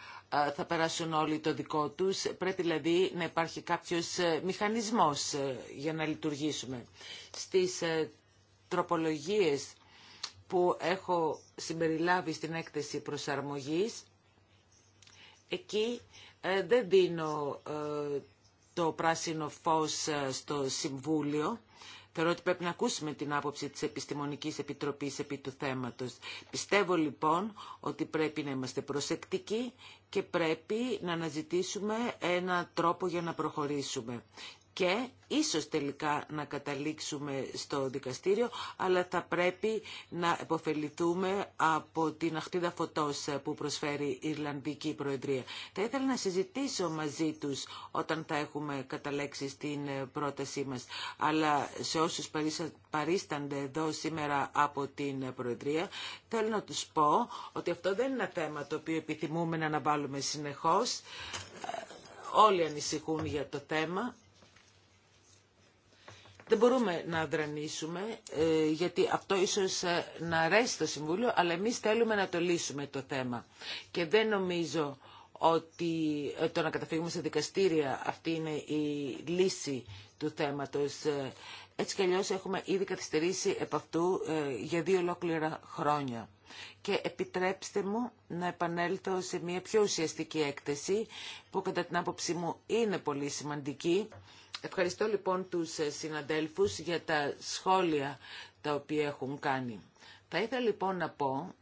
θα περάσουν όλοι το δικό τους. Πρέπει δηλαδή να υπάρχει κάποιος ε, μηχανισμός ε, για να λειτουργήσουμε. Στις ε, τροπολογίες που έχω συμπεριλάβει στην έκθεση προσαρμογής, εκεί δεν δίνω το πράσινο φως στο Συμβούλιο, Θεωρώ ότι πρέπει να ακούσουμε την άποψη της Επιστημονικής Επιτροπής επί του θέματος. Πιστεύω λοιπόν ότι πρέπει να είμαστε προσεκτικοί και πρέπει να αναζητήσουμε ένα τρόπο για να προχωρήσουμε και ίσως τελικά να καταλήξουμε στο δικαστήριο, αλλά θα πρέπει να επωφεληθούμε από την αχτίδα φωτός που προσφέρει η Ιρλανδική Προεδρία. Θα ήθελα να συζητήσω μαζί τους όταν θα έχουμε καταλέξει στην πρότασή μας, αλλά σε όσους παρίστανται εδώ σήμερα από την Προεδρία, θέλω να τους πω ότι αυτό δεν είναι ένα θέμα το οποίο επιθυμούμε να αναβάλουμε συνεχώς. Όλοι ανησυχούν για το θέμα δεν μπορούμε να δρανίσουμε, ε, γιατί αυτό ίσως ε, να αρέσει το Συμβούλιο, αλλά εμείς θέλουμε να το λύσουμε το θέμα. Και δεν νομίζω ότι ε, το να καταφύγουμε σε δικαστήρια αυτή είναι η λύση του θέματος. Έτσι κι αλλιώς έχουμε ήδη καθυστερήσει επ' αυτού για δύο ολόκληρα χρόνια. Και επιτρέψτε μου να επανέλθω σε μια πιο ουσιαστική έκθεση που κατά την άποψή μου είναι πολύ σημαντική Ευχαριστώ λοιπόν τους ε, συναδέλφους για τα σχόλια τα οποία έχουν κάνει. Θα ήθελα λοιπόν να πω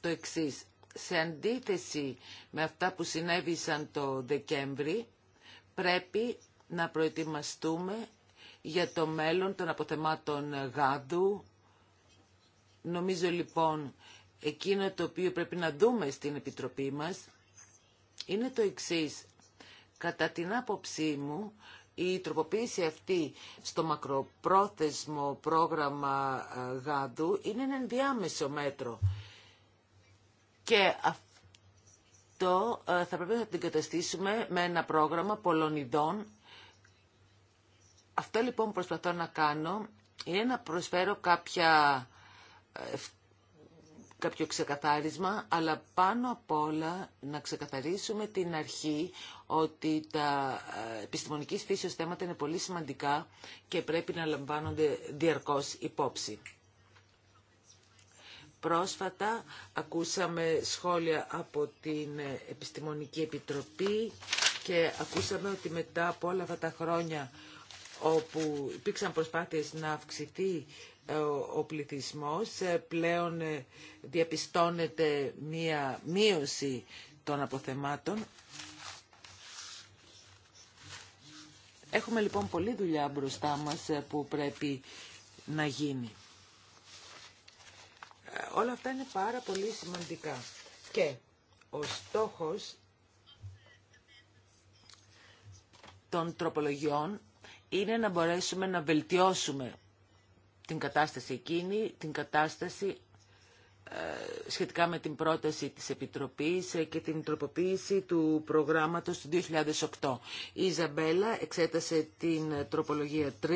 το εξής. Σε αντίθεση με αυτά που συνέβησαν το Δεκέμβρη, πρέπει να προετοιμαστούμε για το μέλλον των αποθεμάτων γάδου. Νομίζω λοιπόν εκείνο το οποίο πρέπει να δούμε στην Επιτροπή μας είναι το εξής. Κατά την άποψή μου, η τροποποίηση αυτή στο μακροπρόθεσμο πρόγραμμα ε, γάδου είναι ένα ενδιάμεσο μέτρο. Και αυτό ε, θα πρέπει να την καταστήσουμε με ένα πρόγραμμα πολλών ειδών. Αυτό λοιπόν που προσπαθώ να κάνω είναι να προσφέρω κάποια ε, κάποιο ξεκαθάρισμα, αλλά πάνω απ' όλα να ξεκαθαρίσουμε την αρχή ότι τα ε, επιστημονική φύσεως θέματα είναι πολύ σημαντικά και πρέπει να λαμβάνονται διαρκώς υπόψη. Πρόσφατα ακούσαμε σχόλια από την Επιστημονική Επιτροπή και ακούσαμε ότι μετά από όλα αυτά τα χρόνια όπου υπήρξαν προσπάθειες να αυξηθεί ο πληθυσμός. Ε, πλέον ε, διαπιστώνεται μία μείωση των αποθεμάτων. Έχουμε λοιπόν πολλή δουλειά μπροστά μας ε, που πρέπει να γίνει. Όλα αυτά είναι πάρα πολύ σημαντικά. Και ο στόχος των τροπολογιών είναι να μπορέσουμε να βελτιώσουμε την κατάσταση εκείνη, την κατάσταση ε, σχετικά με την πρόταση της Επιτροπής ε, και την τροποποίηση του προγράμματος του 2008. Η Ιζαμπέλα εξέτασε την ε, τροπολογία 3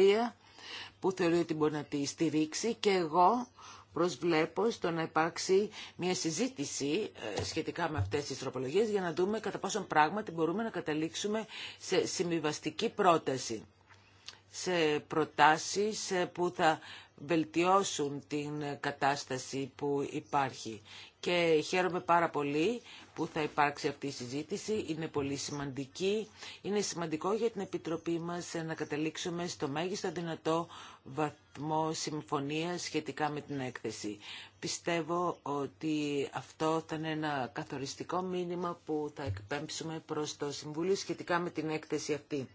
που θεωρεί ότι μπορεί να τη στηρίξει και εγώ προσβλέπω στο να υπάρξει μια συζήτηση σχετικά με αυτές τις τροπολογίες για να δούμε κατά πόσον πράγματι μπορούμε να καταλήξουμε σε συμβιβαστική πρόταση σε προτάσεις που θα βελτιώσουν την κατάσταση που υπάρχει. Και χαίρομαι πάρα πολύ που θα υπάρξει αυτή η συζήτηση. Είναι πολύ σημαντική. Είναι σημαντικό για την Επιτροπή μας να καταλήξουμε στο μέγιστο δυνατό βαθμό συμφωνίας σχετικά με την έκθεση. Πιστεύω ότι αυτό θα είναι ένα καθοριστικό μήνυμα που θα εκπέμψουμε προς το Συμβούλιο σχετικά με την έκθεση αυτή.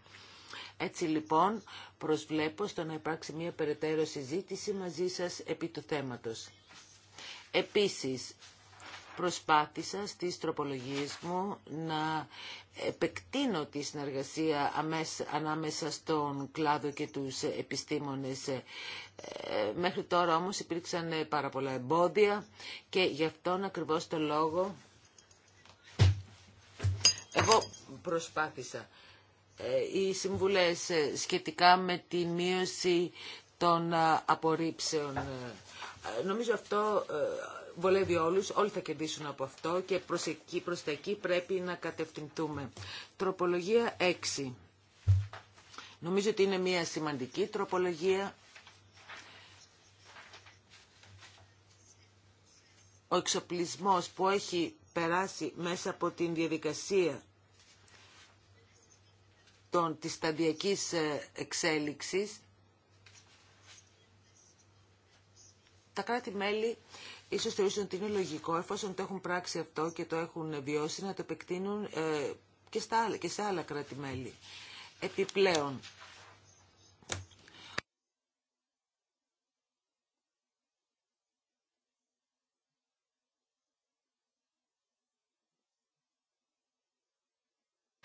Έτσι λοιπόν προσβλέπω στο να υπάρξει μια περαιτέρω συζήτηση μαζί σας επί του θέματος. Επίσης, προσπάθησα στις τροπολογίες μου να επεκτείνω τη συνεργασία ανάμεσα στον κλάδο και τους επιστήμονες. Ε, μέχρι τώρα όμως υπήρξαν πάρα πολλά εμπόδια και γι' αυτόν ακριβώς το λόγο εγώ προσπάθησα ε, οι συμβουλές ε, σχετικά με τη μείωση των ε, απορρίψεων. Νομίζω αυτό βολεύει όλους, όλοι θα κερδίσουν από αυτό και προς, εκεί, προς εκεί πρέπει να κατευθυνθούμε. Τροπολογία 6. Νομίζω ότι είναι μια σημαντική τροπολογία. Ο εξοπλισμός που έχει περάσει μέσα από την διαδικασία των, της σταδιακής ε, εξέλιξης, τα κράτη-μέλη ίσως θεωρήσουν ότι είναι λογικό, εφόσον το έχουν πράξει αυτό και το έχουν βιώσει, να το επεκτείνουν ε, και, στα, και σε άλλα κράτη-μέλη. Επιπλέον,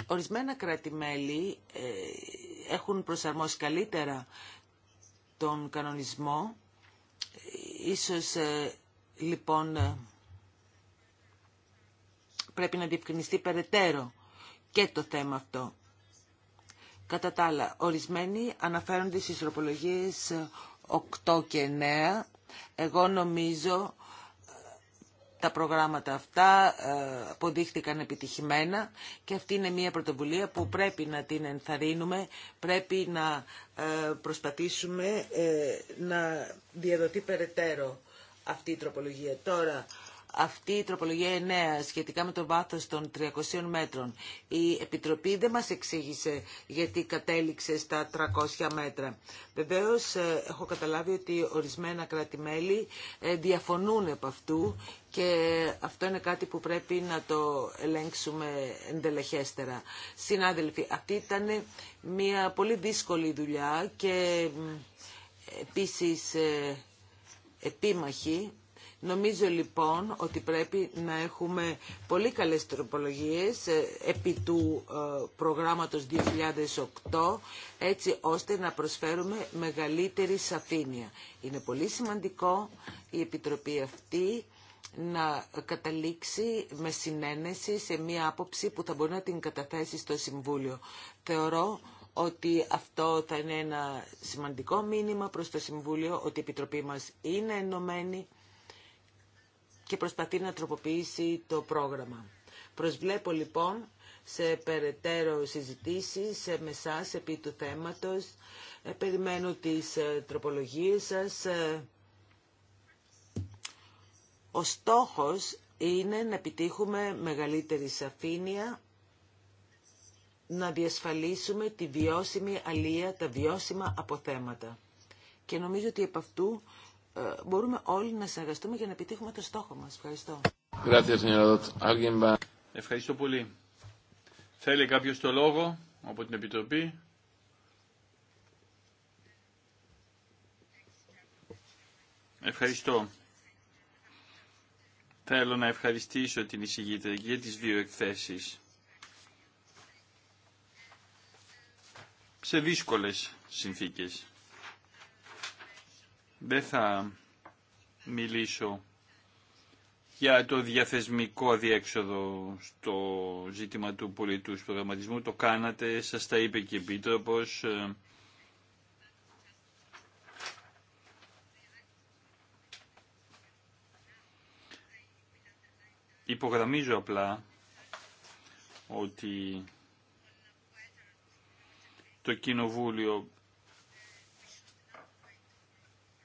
Ορισμένα κράτη-μέλη ε, έχουν προσαρμόσει καλύτερα τον κανονισμό. Ίσως ε, λοιπόν ε, πρέπει να διευκρινιστεί περαιτέρω και το θέμα αυτό. Κατά τα άλλα, ορισμένοι αναφέρονται στις ροπολογίες 8 και 9. Εγώ νομίζω τα προγράμματα αυτά ε, αποδείχθηκαν επιτυχημένα και αυτή είναι μια πρωτοβουλία που πρέπει να την ενθαρρύνουμε, πρέπει να ε, προσπαθήσουμε ε, να διαδοθεί περαιτέρω αυτή η τροπολογία. Τώρα, αυτή η τροπολογία 9 σχετικά με το βάθος των 300 μέτρων. Η Επιτροπή δεν μας εξήγησε γιατί κατέληξε στα 300 μέτρα. Βεβαίως ε, έχω καταλάβει ότι ορισμένα κράτη-μέλη ε, διαφωνούν από αυτού και αυτό είναι κάτι που πρέπει να το ελέγξουμε εντελεχέστερα. Συνάδελφοι, αυτή ήταν μια πολύ δύσκολη δουλειά και επίσης ε, επίμαχη Νομίζω λοιπόν ότι πρέπει να έχουμε πολύ καλές τροπολογίες ε, επί του ε, προγράμματος 2008 έτσι ώστε να προσφέρουμε μεγαλύτερη σαφήνεια. Είναι πολύ σημαντικό η Επιτροπή αυτή να καταλήξει με συνένεση σε μία άποψη που θα μπορεί να την καταθέσει στο Συμβούλιο. Θεωρώ ότι αυτό θα είναι ένα σημαντικό μήνυμα προς το Συμβούλιο, ότι η Επιτροπή μας είναι ενωμένη και προσπαθεί να τροποποιήσει το πρόγραμμα. Προσβλέπω λοιπόν σε περαιτέρω συζητήσεις σε μεσάς επί του θέματος. Ε, περιμένω τις ε, τροπολογίες σας. Ε, ο στόχος είναι να επιτύχουμε μεγαλύτερη σαφήνεια, να διασφαλίσουμε τη βιώσιμη αλία, τα βιώσιμα αποθέματα. Και νομίζω ότι επ' Ε, μπορούμε όλοι να συνεργαστούμε για να επιτύχουμε το στόχο μας. Ευχαριστώ. Ευχαριστώ πολύ. Θέλει κάποιος το λόγο από την Επιτροπή. Ευχαριστώ. Θέλω να ευχαριστήσω την εισηγήτρια για τις δύο εκθέσεις. Σε δύσκολες συνθήκες. Δεν θα μιλήσω για το διαθεσμικό διέξοδο στο ζήτημα του πολιτού προγραμματισμού. Το κάνατε, σας τα είπε και η Επίτροπος. Υπογραμμίζω απλά ότι το Κοινοβούλιο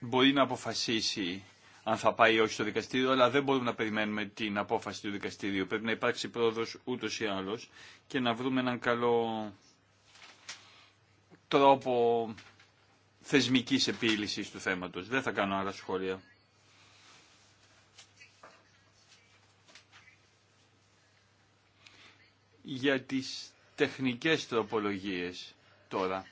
μπορεί να αποφασίσει αν θα πάει ή όχι στο δικαστήριο, αλλά δεν μπορούμε να περιμένουμε την απόφαση του δικαστήριου. Πρέπει να υπάρξει πρόοδος ούτως ή άλλως και να βρούμε έναν καλό τρόπο θεσμικής επίλυσης του θέματος. Δεν θα κάνω άλλα σχόλια. Για τις τεχνικές τροπολογίες τώρα.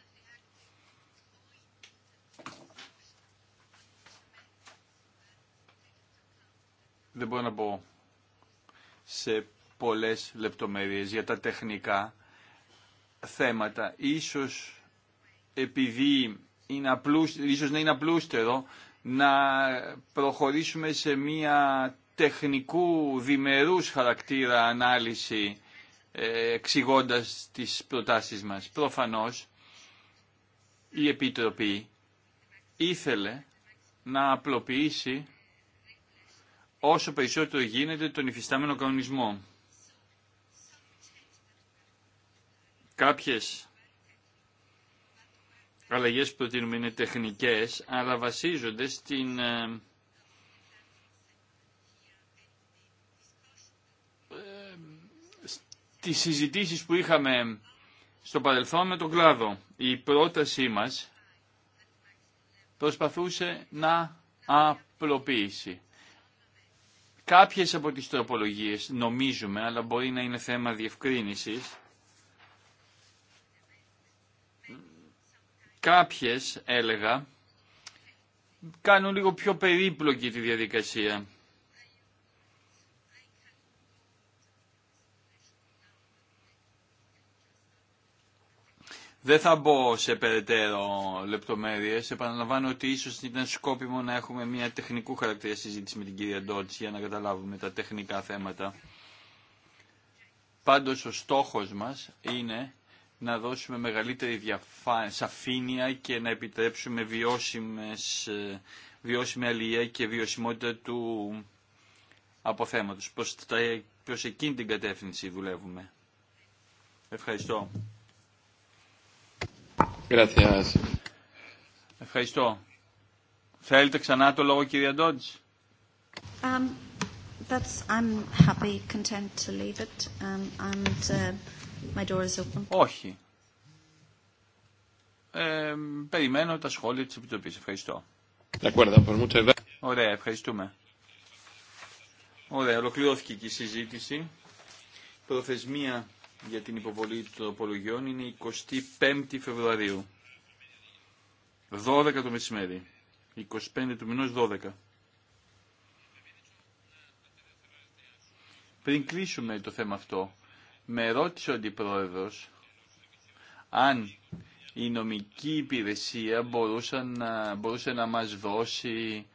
Δεν μπορώ να πω σε πολλές λεπτομέρειες για τα τεχνικά θέματα. Ίσως επειδή είναι να είναι απλούστερο να προχωρήσουμε σε μία τεχνικού διμερούς χαρακτήρα ανάλυση ε, εξηγώντα τις προτάσεις μας. Προφανώς η Επιτροπή ήθελε να απλοποιήσει όσο περισσότερο γίνεται τον υφιστάμενο κανονισμό. Κάποιες αλλαγές που προτείνουμε είναι τεχνικές, αλλά βασίζονται στην ε, τις συζητήσεις που είχαμε στο παρελθόν με τον κλάδο. Η πρότασή μας προσπαθούσε να απλοποιήσει. Κάποιες από τις τροπολογίες νομίζουμε, αλλά μπορεί να είναι θέμα διευκρίνησης, κάποιες έλεγα κάνουν λίγο πιο περίπλοκη τη διαδικασία. Δεν θα μπω σε περαιτέρω λεπτομέρειες. Επαναλαμβάνω ότι ίσως ήταν σκόπιμο να έχουμε μια τεχνικού χαρακτήρα συζήτηση με την κυρία Ντότ για να καταλάβουμε τα τεχνικά θέματα. Πάντως ο στόχος μας είναι να δώσουμε μεγαλύτερη διαφα... σαφήνεια και να επιτρέψουμε βιώσιμες... βιώσιμη αλληλεία και βιωσιμότητα του αποθέματος. Προς, τα... Προς εκείνη την κατεύθυνση δουλεύουμε. Ευχαριστώ. Ευχαριστώ. Θέλετε ξανά το λόγο, κυρία Ντότζ. Um, that's, I'm happy, content to leave it, um, and uh, my door is open. Όχι. Ε, περιμένω τα σχόλια της Επιτροπής. Ευχαριστώ. Ωραία, ευχαριστούμε. Ωραία, ολοκληρώθηκε και η συζήτηση. Προθεσμία για την υποβολή των απολογιών είναι η 25η Φεβρουαρίου. 12 το μεσημέρι. 25 του μηνός 12. Πριν κλείσουμε το θέμα αυτό, με ρώτησε ο Αντιπρόεδρος αν η νομική υπηρεσία μπορούσε να, μπορούσε να μας δώσει,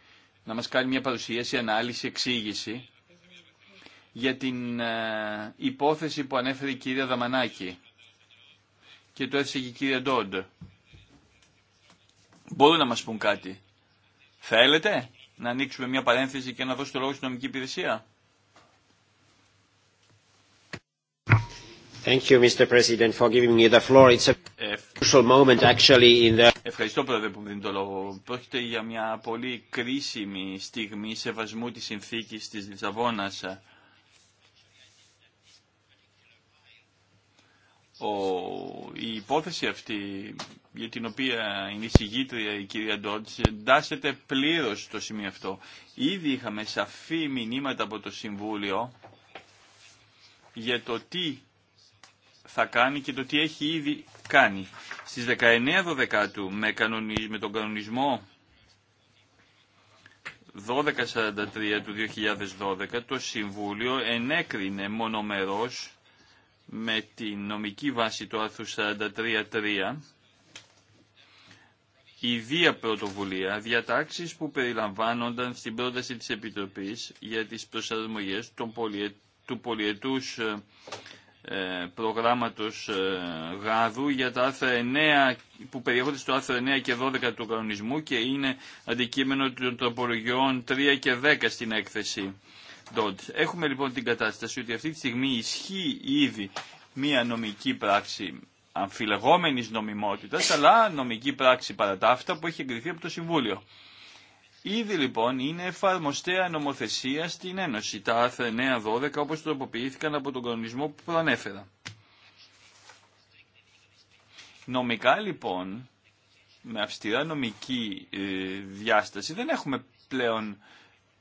να μας κάνει μια παρουσίαση, ανάλυση, εξήγηση για την ε, υπόθεση που ανέφερε η κυρία Δαμανάκη και το και η κυρία Ντόντ. Μπορούν να μας πούν κάτι. Θέλετε να ανοίξουμε μια παρένθεση και να δώσω το λόγο στην νομική υπηρεσία. Ευχαριστώ, Πρόεδρε, που μου δίνει το λόγο. Πρόκειται για μια πολύ κρίσιμη στιγμή σεβασμού της συνθήκης της Λισαβόνας ο, η υπόθεση αυτή για την οποία είναι η συγγήτρια η κυρία Ντότς εντάσσεται πλήρως στο σημείο αυτό. Ήδη είχαμε σαφή μηνύματα από το Συμβούλιο για το τι θα κάνει και το τι έχει ήδη κάνει. Στις 19 12 με, κανονισ... με τον κανονισμό 1243 του 2012 το Συμβούλιο ενέκρινε μονομερός με τη νομική βάση του άρθρου 43.3 ιδία πρωτοβουλία διατάξεις που περιλαμβάνονταν στην πρόταση της Επιτροπής για τις προσαρμογές του πολιετούς ε, ε, προγράμματος ε, γάδου για τα 9, που περιέχονται στο άρθρο 9 και 12 του κανονισμού και είναι αντικείμενο των τροπολογιών 3 και 10 στην έκθεση. Έχουμε λοιπόν την κατάσταση ότι αυτή τη στιγμή ισχύει ήδη μία νομική πράξη αμφιλεγόμενης νομιμότητας, αλλά νομική πράξη παρατάφτα που έχει εγκριθεί από το Συμβούλιο. Ήδη λοιπόν είναι εφαρμοστέα νομοθεσία στην Ένωση, τα άρθρα 9-12 όπως τροποποιήθηκαν από τον κανονισμό που προανέφερα. Νομικά λοιπόν, με αυστηρά νομική ε, διάσταση, δεν έχουμε πλέον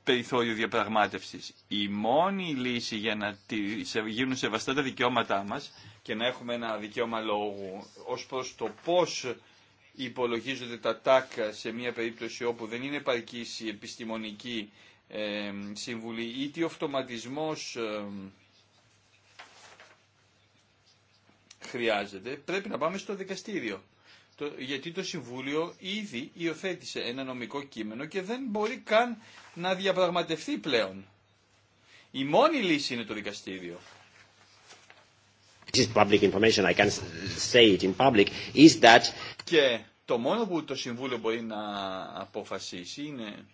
περιθώριο διαπραγμάτευση. Η μόνη λύση για να γίνουν σεβαστά τα δικαιώματά μας και να έχουμε ένα δικαίωμα λόγου ως προς το πώς υπολογίζονται τα τάκ σε μια περίπτωση όπου δεν είναι επαρκή η επιστημονική συμβουλή ή τι αυτοματισμός χρειάζεται, πρέπει να πάμε στο δικαστήριο γιατί το Συμβούλιο ήδη υιοθέτησε ένα νομικό κείμενο και δεν μπορεί καν να διαπραγματευτεί πλέον. Η μόνη λύση είναι το δικαστήριο. Και το μόνο που το Συμβούλιο μπορεί να αποφασίσει είναι,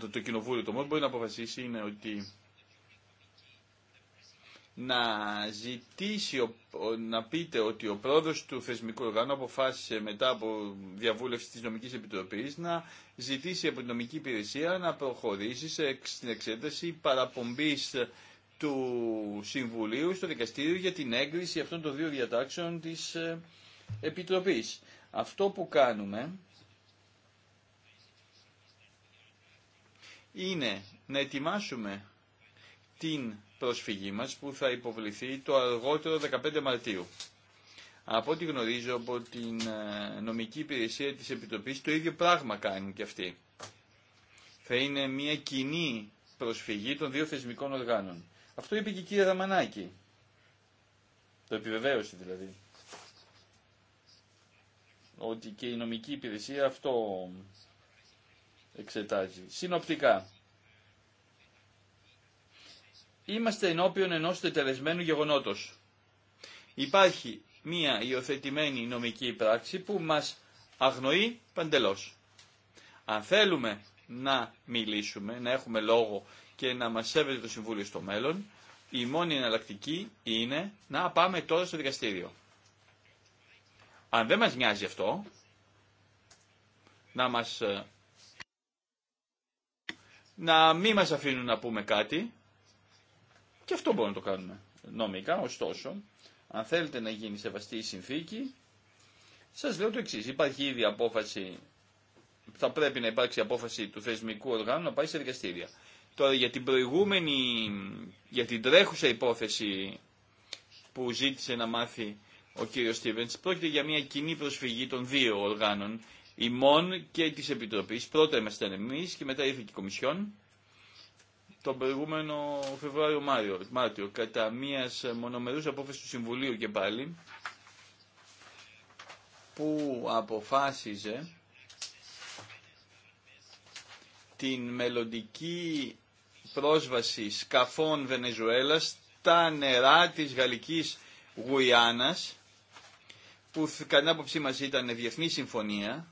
το, το Κοινοβούλιο το μόνο που μπορεί να αποφασίσει είναι ότι να ζητήσει, να πείτε ότι ο πρόεδρος του θεσμικού οργάνου αποφάσισε μετά από διαβούλευση της νομικής επιτροπής να ζητήσει από την νομική υπηρεσία να προχωρήσει σε, στην εξέταση παραπομπής του Συμβουλίου στο δικαστήριο για την έγκριση αυτών των δύο διατάξεων της ε, Επιτροπής. Αυτό που κάνουμε είναι να ετοιμάσουμε την προσφυγή μας που θα υποβληθεί το αργότερο 15 Μαρτίου. Από ό,τι γνωρίζω από την ε, νομική υπηρεσία της Επιτροπής το ίδιο πράγμα κάνουν και αυτοί. Θα είναι μια κοινή προσφυγή των δύο θεσμικών οργάνων. Αυτό είπε και η κυρία Ραμανάκη. Το επιβεβαίωσε δηλαδή. Ότι και η νομική υπηρεσία αυτό εξετάζει. Συνοπτικά, είμαστε ενώπιον ενό τετελεσμένου γεγονότος. Υπάρχει μία υιοθετημένη νομική πράξη που μας αγνοεί παντελώ. Αν θέλουμε να μιλήσουμε, να έχουμε λόγο και να μας σέβεται το Συμβούλιο στο μέλλον, η μόνη εναλλακτική είναι να πάμε τώρα στο δικαστήριο. Αν δεν μας νοιάζει αυτό, να μας... Να μην μας αφήνουν να πούμε κάτι, και αυτό μπορούμε να το κάνουμε νομικά, ωστόσο, αν θέλετε να γίνει σεβαστή η συνθήκη, σας λέω το εξή. Υπάρχει ήδη απόφαση, θα πρέπει να υπάρξει απόφαση του θεσμικού οργάνου να πάει σε δικαστήρια. Τώρα για την προηγούμενη, για την τρέχουσα υπόθεση που ζήτησε να μάθει ο κύριος Στίβενς, πρόκειται για μια κοινή προσφυγή των δύο οργάνων, ημών και της Επιτροπής. Πρώτα ήμασταν εμείς και μετά ήρθε και η Κομισιόν τον προηγούμενο Φεβρουάριο-Μάρτιο κατά μια μονομερούς απόφαση του Συμβουλίου και πάλι που αποφάσιζε την μελλοντική πρόσβαση σκαφών Βενεζουέλας στα νερά της Γαλλικής Γουιάνας που κατά άποψή μας ήταν διεθνή συμφωνία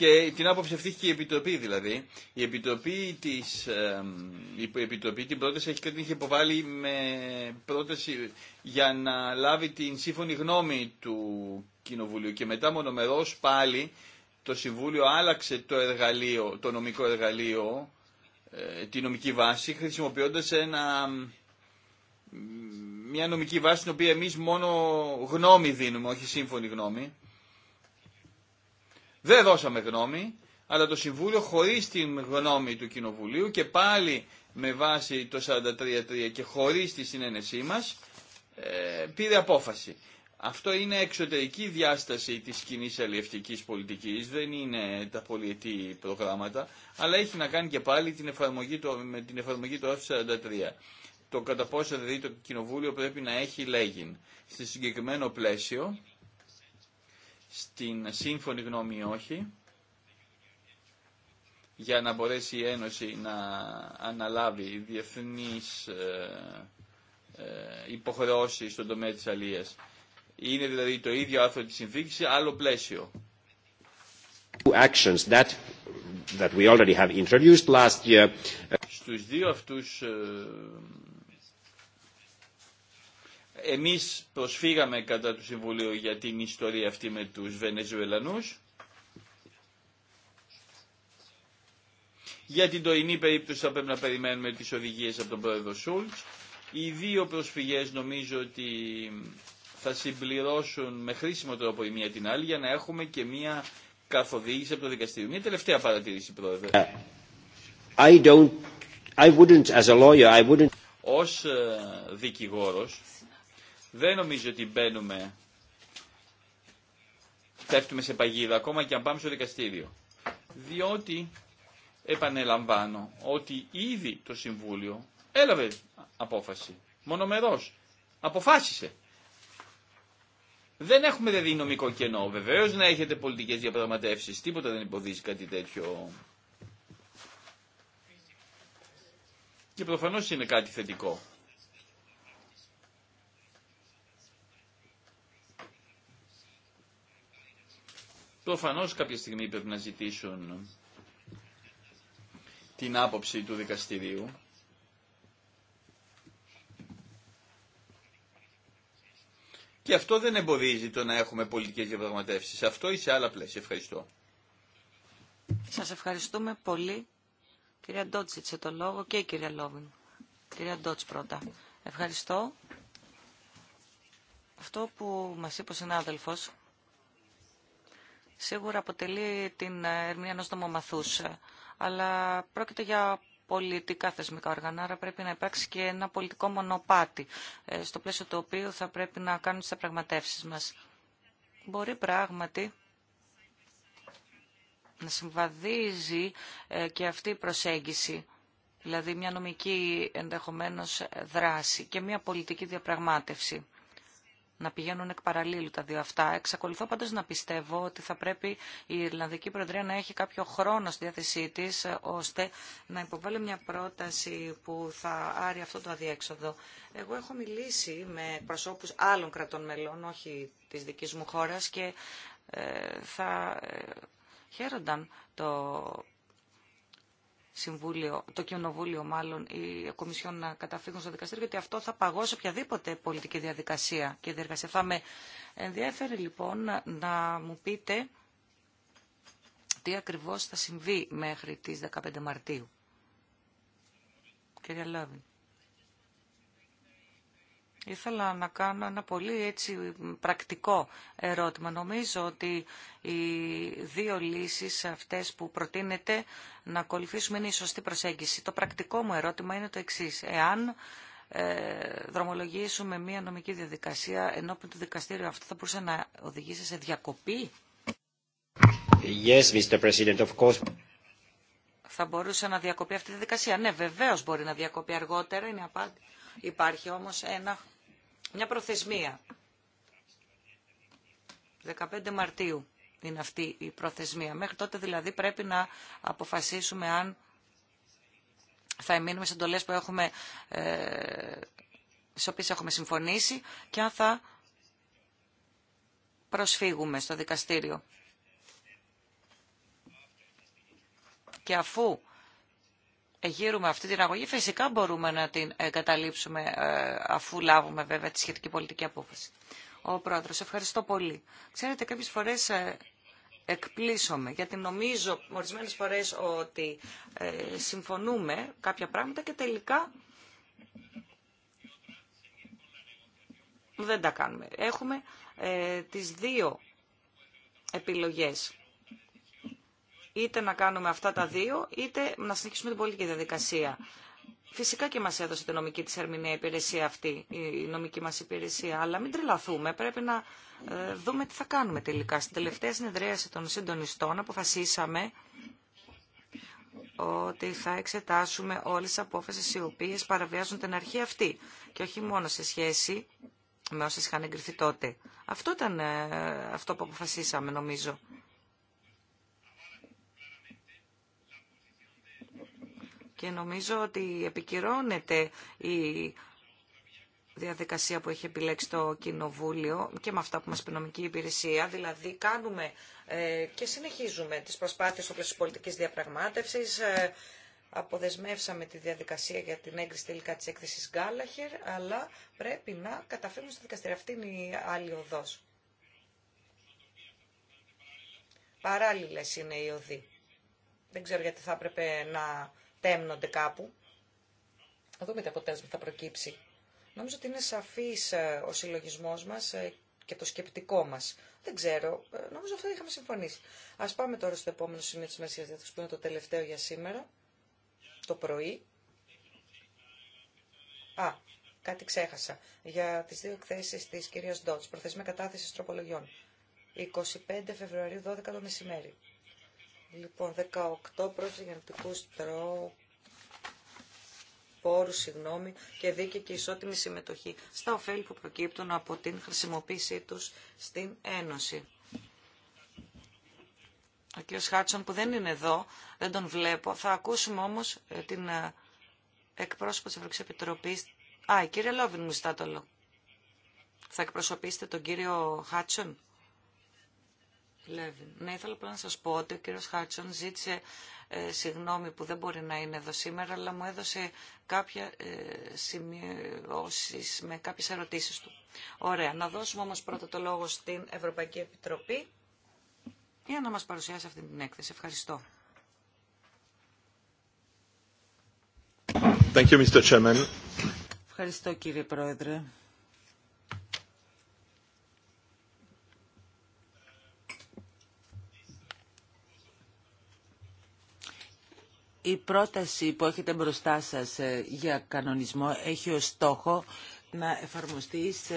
και την άποψη αυτή και η Επιτροπή δηλαδή. Η Επιτροπή, της, η Επιτροπή την πρόταση έχει, την είχε υποβάλει με πρόταση για να λάβει την σύμφωνη γνώμη του Κοινοβουλίου και μετά μονομερός πάλι το Συμβούλιο άλλαξε το, εργαλείο, το νομικό εργαλείο, ε, τη νομική βάση, χρησιμοποιώντας ένα, μια νομική βάση την οποία εμείς μόνο γνώμη δίνουμε, όχι σύμφωνη γνώμη. Δεν δώσαμε γνώμη, αλλά το Συμβούλιο χωρίς την γνώμη του Κοινοβουλίου και πάλι με βάση το 43.3 και χωρίς τη συνένεσή μας ε, πήρε απόφαση. Αυτό είναι εξωτερική διάσταση της κοινή αλλιευτικής πολιτικής, δεν είναι τα πολιετή προγράμματα, αλλά έχει να κάνει και πάλι την εφαρμογή του, με την εφαρμογή του F43. Το κατά πόσο δηλαδή το Κοινοβούλιο πρέπει να έχει λέγειν. Στη συγκεκριμένο πλαίσιο στην σύμφωνη γνώμη ή όχι, για να μπορέσει η Ένωση να αναλάβει διεθνείς ε, ε, υποχρεώσεις στον τομέα της αλίας. Είναι δηλαδή το ίδιο άρθρο της συνθήκης σε άλλο πλαίσιο. Στους δύο αυτούς ε, εμείς προσφύγαμε κατά του Συμβουλίου για την ιστορία αυτή με τους Βενεζουελανούς. Για την τωρινή περίπτωση θα πρέπει να περιμένουμε τις οδηγίες από τον πρόεδρο Σούλτς. Οι δύο προσφυγές νομίζω ότι θα συμπληρώσουν με χρήσιμο τρόπο η μία την άλλη για να έχουμε και μία καθοδήγηση από το δικαστήριο. Μία τελευταία παρατήρηση, πρόεδρε. I Ως δικηγόρος δεν νομίζω ότι μπαίνουμε, πέφτουμε σε παγίδα, ακόμα και αν πάμε στο δικαστήριο. Διότι, επανελαμβάνω, ότι ήδη το Συμβούλιο έλαβε απόφαση, μονομερός, αποφάσισε. Δεν έχουμε δηλαδή νομικό κενό. Βεβαίω να έχετε πολιτικέ διαπραγματεύσει. Τίποτα δεν υποδείζει κάτι τέτοιο. Και προφανώ είναι κάτι θετικό. Προφανώ κάποια στιγμή πρέπει να ζητήσουν την άποψη του δικαστηρίου. Και αυτό δεν εμποδίζει το να έχουμε πολιτικές διαπραγματεύσεις. Αυτό ή σε άλλα πλαίσια. Ευχαριστώ. Σας ευχαριστούμε πολύ. Κυρία Ντότς σε το λόγο και η κυρία Λόβιν. Κυρία Ντότς πρώτα. Ευχαριστώ. Αυτό που μας είπε ο συνάδελφος σίγουρα αποτελεί την ερμηνεία ενός νομομαθούς, αλλά πρόκειται για πολιτικά θεσμικά όργανα, άρα πρέπει να υπάρξει και ένα πολιτικό μονοπάτι, ε, στο πλαίσιο του οποίου θα πρέπει να κάνουν τις πραγματεύσεις μας. Μπορεί πράγματι να συμβαδίζει ε, και αυτή η προσέγγιση, δηλαδή μια νομική ενδεχομένως δράση και μια πολιτική διαπραγμάτευση να πηγαίνουν εκ παραλίλου τα δύο αυτά. Εξακολουθώ πάντως να πιστεύω ότι θα πρέπει η Ιρλανδική Προεδρία να έχει κάποιο χρόνο στη διάθεσή της ε, ώστε να υποβάλει μια πρόταση που θα άρει αυτό το αδιέξοδο. Εγώ έχω μιλήσει με προσώπους άλλων κρατών μελών, όχι της δικής μου χώρας και ε, θα ε, χαίρονταν το Συμβούλιο, το Κοινοβούλιο μάλλον, η Κομισιόν να καταφύγουν στο δικαστήριο, γιατί αυτό θα παγώσει οποιαδήποτε πολιτική διαδικασία και διεργασία. Θα με ενδιαφέρει λοιπόν να μου πείτε τι ακριβώς θα συμβεί μέχρι τις 15 Μαρτίου. Κυρία Λόβιν. Ήθελα να κάνω ένα πολύ έτσι πρακτικό ερώτημα. Νομίζω ότι οι δύο λύσεις αυτές που προτείνεται να ακολουθήσουμε είναι η σωστή προσέγγιση. Το πρακτικό μου ερώτημα είναι το εξής. Εάν ε, δρομολογήσουμε μία νομική διαδικασία ενώπιν του δικαστήριου, αυτό θα μπορούσε να οδηγήσει σε διακοπή. Yes, Mr. President, of course. Θα μπορούσε να διακοπεί αυτή η διαδικασία. Ναι, βεβαίως μπορεί να διακοπεί αργότερα, είναι απάντη. Υπάρχει όμως ένα μια προθεσμία. 15 Μαρτίου είναι αυτή η προθεσμία. Μέχρι τότε δηλαδή πρέπει να αποφασίσουμε αν θα εμείνουμε σε εντολές που έχουμε, ε, έχουμε συμφωνήσει και αν θα προσφύγουμε στο δικαστήριο. Και αφού γύρουμε αυτή την αγωγή, φυσικά μπορούμε να την ε, καταλήψουμε ε, αφού λάβουμε βέβαια τη σχετική πολιτική απόφαση. Ο Πρόεδρος, ευχαριστώ πολύ. Ξέρετε, κάποιες φορές ε, εκπλήσωμαι, γιατί νομίζω ορισμένες φορές ότι συμφωνούμε κάποια πράγματα και τελικά δεν τα κάνουμε. Έχουμε τις δύο επιλογές είτε να κάνουμε αυτά τα δύο, είτε να συνεχίσουμε την πολιτική διαδικασία. Φυσικά και μας έδωσε τη νομική της ερμηνεία υπηρεσία αυτή, η νομική μας υπηρεσία, αλλά μην τρελαθούμε, πρέπει να ε, δούμε τι θα κάνουμε τελικά. Στην τελευταία συνεδρίαση των συντονιστών αποφασίσαμε ότι θα εξετάσουμε όλες τις απόφασεις οι οποίες παραβιάζουν την αρχή αυτή και όχι μόνο σε σχέση με όσες είχαν εγκριθεί τότε. Αυτό ήταν ε, αυτό που αποφασίσαμε νομίζω. και νομίζω ότι επικυρώνεται η διαδικασία που έχει επιλέξει το Κοινοβούλιο και με αυτά που μας πει νομική υπηρεσία. Δηλαδή κάνουμε ε, και συνεχίζουμε τις προσπάθειες στο πλαίσιο της πολιτικής διαπραγμάτευσης. Ε, αποδεσμεύσαμε τη διαδικασία για την έγκριση τελικά της έκθεσης Γκάλαχερ, αλλά πρέπει να καταφέρουμε στο δικαστήριο. Αυτή είναι η άλλη οδός. Παράλληλες είναι οι οδοί. Δεν ξέρω γιατί θα έπρεπε να τέμνονται κάπου. θα δούμε τι αποτέλεσμα θα προκύψει. Νομίζω ότι είναι σαφής ε, ο συλλογισμός μας ε, και το σκεπτικό μας. Δεν ξέρω, ε, νομίζω αυτό είχαμε συμφωνήσει. Ας πάμε τώρα στο επόμενο σημείο της Μέση Διάθεσης, που είναι το τελευταίο για σήμερα, το πρωί. Α, κάτι ξέχασα. Για τις δύο εκθέσεις της κυρίας Ντότς, προθεσμία κατάθεση τροπολογιών. 25 Φεβρουαρίου, 12 το μεσημέρι. Λοιπόν, 18 προς γενετικού τρόπου πόρου συγγνώμη, και δίκαιη και ισότιμη συμμετοχή στα ωφέλη που προκύπτουν από την χρησιμοποίησή τους στην Ένωση. Ο κ. Χάτσον που δεν είναι εδώ, δεν τον βλέπω, θα ακούσουμε όμως ε, την ε, εκπρόσωπο της Ευρωπαϊκής Επιτροπής. Α, η κ. Λόβιν μου ζητά Θα εκπροσωπήσετε τον κύριο Χάτσον. Λέβιν. Ναι, ήθελα απλά να σας πω ότι ο κύριος Χάτσον ζήτησε ε, συγγνώμη που δεν μπορεί να είναι εδώ σήμερα, αλλά μου έδωσε κάποια ε, με κάποιες ερωτήσεις του. Ωραία. Να δώσουμε όμως πρώτα το λόγο στην Ευρωπαϊκή Επιτροπή για να μας παρουσιάσει αυτή την έκθεση. Ευχαριστώ. Thank you, Mr. Chairman. Ευχαριστώ κύριε Πρόεδρε. Η πρόταση που έχετε μπροστά σας ε, για κανονισμό έχει ως στόχο να εφαρμοστεί σε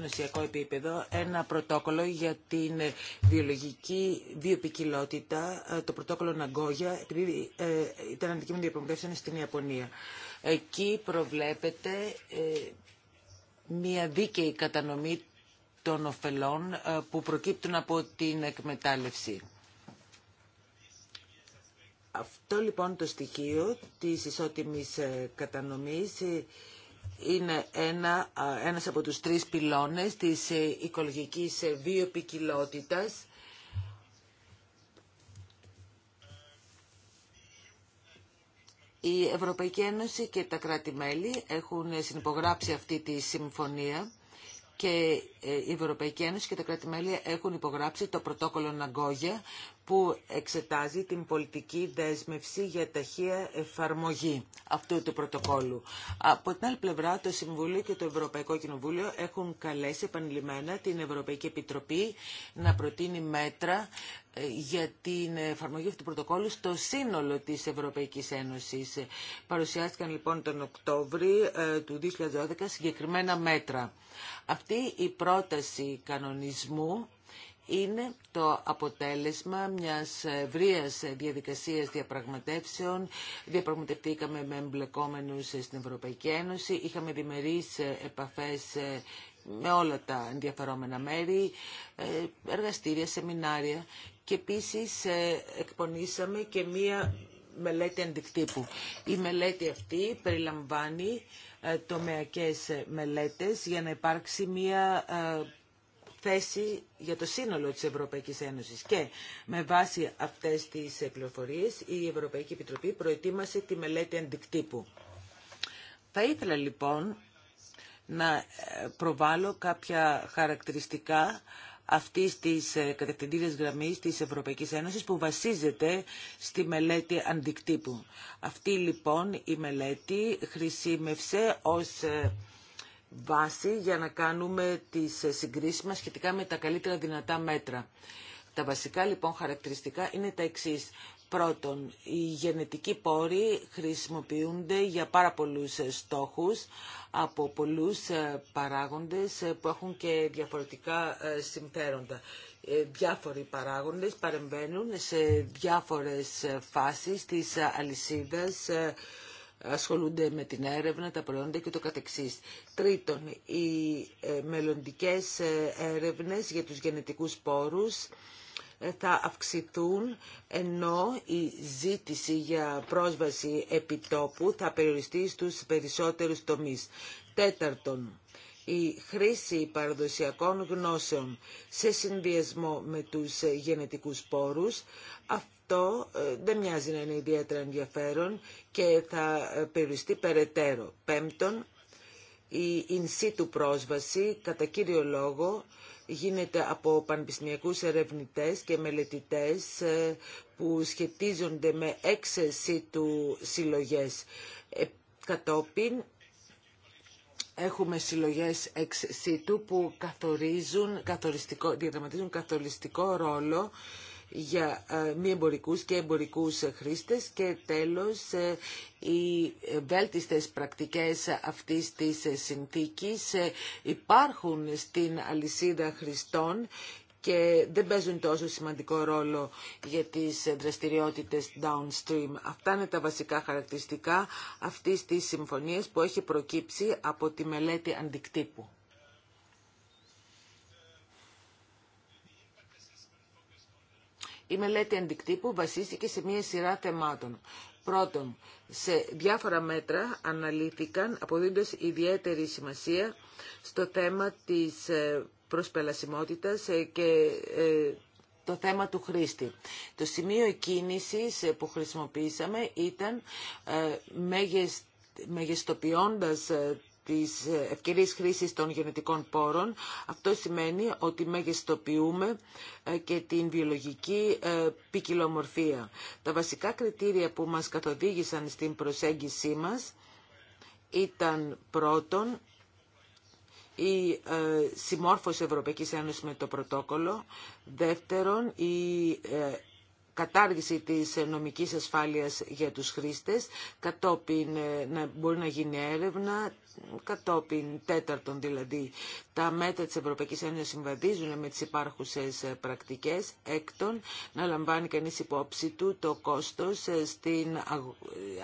νοσιακό επίπεδο ένα πρωτόκολλο για την ε, βιολογική βιοπικιλότητα, ε, το πρωτόκολλο Ναγκόγια, επειδή ήταν αντικείμενο διαπραγματεύσεων στην Ιαπωνία. Εκεί προβλέπεται μια δίκαιη κατανομή των ωφελών που προκύπτουν από την εκμετάλλευση. Αυτό λοιπόν το στοιχείο της ισότιμης ε, κατανομής ε, είναι ένα, ένας από τους τρεις πυλώνες της ε, οικολογικής βιοποικιλότητας. Η Ευρωπαϊκή Ένωση και τα κράτη-μέλη έχουν συνυπογράψει αυτή τη συμφωνία και η Ευρωπαϊκή Ένωση και τα κράτη-μέλη έχουν υπογράψει το πρωτόκολλο Ναγκόγια που εξετάζει την πολιτική δέσμευση για ταχεία εφαρμογή αυτού του πρωτοκόλου. Από την άλλη πλευρά, το Συμβούλιο και το Ευρωπαϊκό Κοινοβούλιο έχουν καλέσει επανειλημμένα την Ευρωπαϊκή Επιτροπή να προτείνει μέτρα ε, για την εφαρμογή αυτού του πρωτοκόλλου στο σύνολο της Ευρωπαϊκής Ένωσης. Παρουσιάστηκαν λοιπόν τον Οκτώβρη ε, του 2012 συγκεκριμένα μέτρα. Αυτή η πρόταση κανονισμού είναι το αποτέλεσμα μιας ευρείας διαδικασίας διαπραγματεύσεων. Διαπραγματευτήκαμε με εμπλεκόμενους στην Ευρωπαϊκή Ένωση, είχαμε διμερείς επαφές ε, με όλα τα ενδιαφερόμενα μέρη, ε, εργαστήρια, σεμινάρια και επίσης ε, εκπονήσαμε και μία μελέτη αντικτύπου. Η μελέτη αυτή περιλαμβάνει τομεακές μελέτες για να υπάρξει μία θέση για το σύνολο της Ευρωπαϊκής Ένωσης. Και με βάση αυτές τις πληροφορίες η Ευρωπαϊκή Επιτροπή προετοίμασε τη μελέτη αντικτύπου. Θα ήθελα λοιπόν να ε, προβάλλω κάποια χαρακτηριστικά αυτής της ε, κατευθυντήριας γραμμής της Ευρωπαϊκής Ένωσης που βασίζεται στη μελέτη αντικτύπου. Αυτή λοιπόν η μελέτη χρησιμεύσε ως ε, βάση για να κάνουμε τις συγκρίσεις μας σχετικά με τα καλύτερα δυνατά μέτρα. Τα βασικά λοιπόν χαρακτηριστικά είναι τα εξής. Πρώτον, οι γενετικοί πόροι χρησιμοποιούνται για πάρα πολλούς στόχους από πολλούς παράγοντες που έχουν και διαφορετικά ε, συμφέροντα. Ε, διάφοροι παράγοντες παρεμβαίνουν σε διάφορες ε, φάσεις της αλυσίδας ασχολούνται με την έρευνα, τα προϊόντα και το καθεξής. Τρίτον, οι ε, μελλοντικές ε, έρευνες για τους γενετικούς πόρους ε, θα αυξηθούν ενώ η ζήτηση για πρόσβαση επιτόπου θα περιοριστεί στους περισσότερους τομείς. Τέταρτον, η χρήση παραδοσιακών γνώσεων σε συνδυασμό με τους γενετικούς πόρους ε, δεν μοιάζει να είναι ιδιαίτερα ενδιαφέρον και θα ε, περιοριστεί περαιτέρω. Πέμπτον, η in situ πρόσβαση κατά κύριο λόγο γίνεται από πανεπιστημιακούς ερευνητές και μελετητές ε, που σχετίζονται με έξεση του συλλογές. Κατόπιν έχουμε συλλογές έξεση του που καθορίζουν, καθοριστικό, διαδραματίζουν καθοριστικό ρόλο για ε, μη εμπορικούς και εμπορικούς χρήστες και τέλος ε, οι βέλτιστες πρακτικές αυτής της συνθήκης ε, υπάρχουν στην αλυσίδα χρηστών και δεν παίζουν τόσο σημαντικό ρόλο για τις δραστηριότητες downstream. Αυτά είναι τα βασικά χαρακτηριστικά αυτής της συμφωνίας που έχει προκύψει από τη μελέτη αντικτύπου. Η μελέτη αντικτύπου βασίστηκε σε μία σειρά θεμάτων. Πρώτον, σε διάφορα μέτρα αναλύθηκαν αποδίδοντας ιδιαίτερη σημασία στο θέμα της ε, προσπελασιμότητας ε, και ε, το θέμα του χρήστη. Το σημείο κίνησης που χρησιμοποίησαμε ήταν μέγες, της ευκαιρίας χρήσης των γενετικών πόρων. Αυτό σημαίνει ότι μεγιστοποιούμε ε, και την βιολογική ε, ποικιλομορφία. Τα βασικά κριτήρια που μας καθοδήγησαν στην προσέγγιση μας ήταν πρώτον η ε, συμμόρφωση Ευρωπαϊκής Ένωσης με το πρωτόκολλο, δεύτερον η κατάργηση της νομικής ασφάλειας για τους χρήστες, κατόπιν να μπορεί να γίνει έρευνα, κατόπιν τέταρτον δηλαδή τα μέτρα της Ευρωπαϊκής Ένωσης συμβαδίζουν με τις υπάρχουσες πρακτικές έκτον να λαμβάνει κανείς υπόψη του το κόστος ε, στην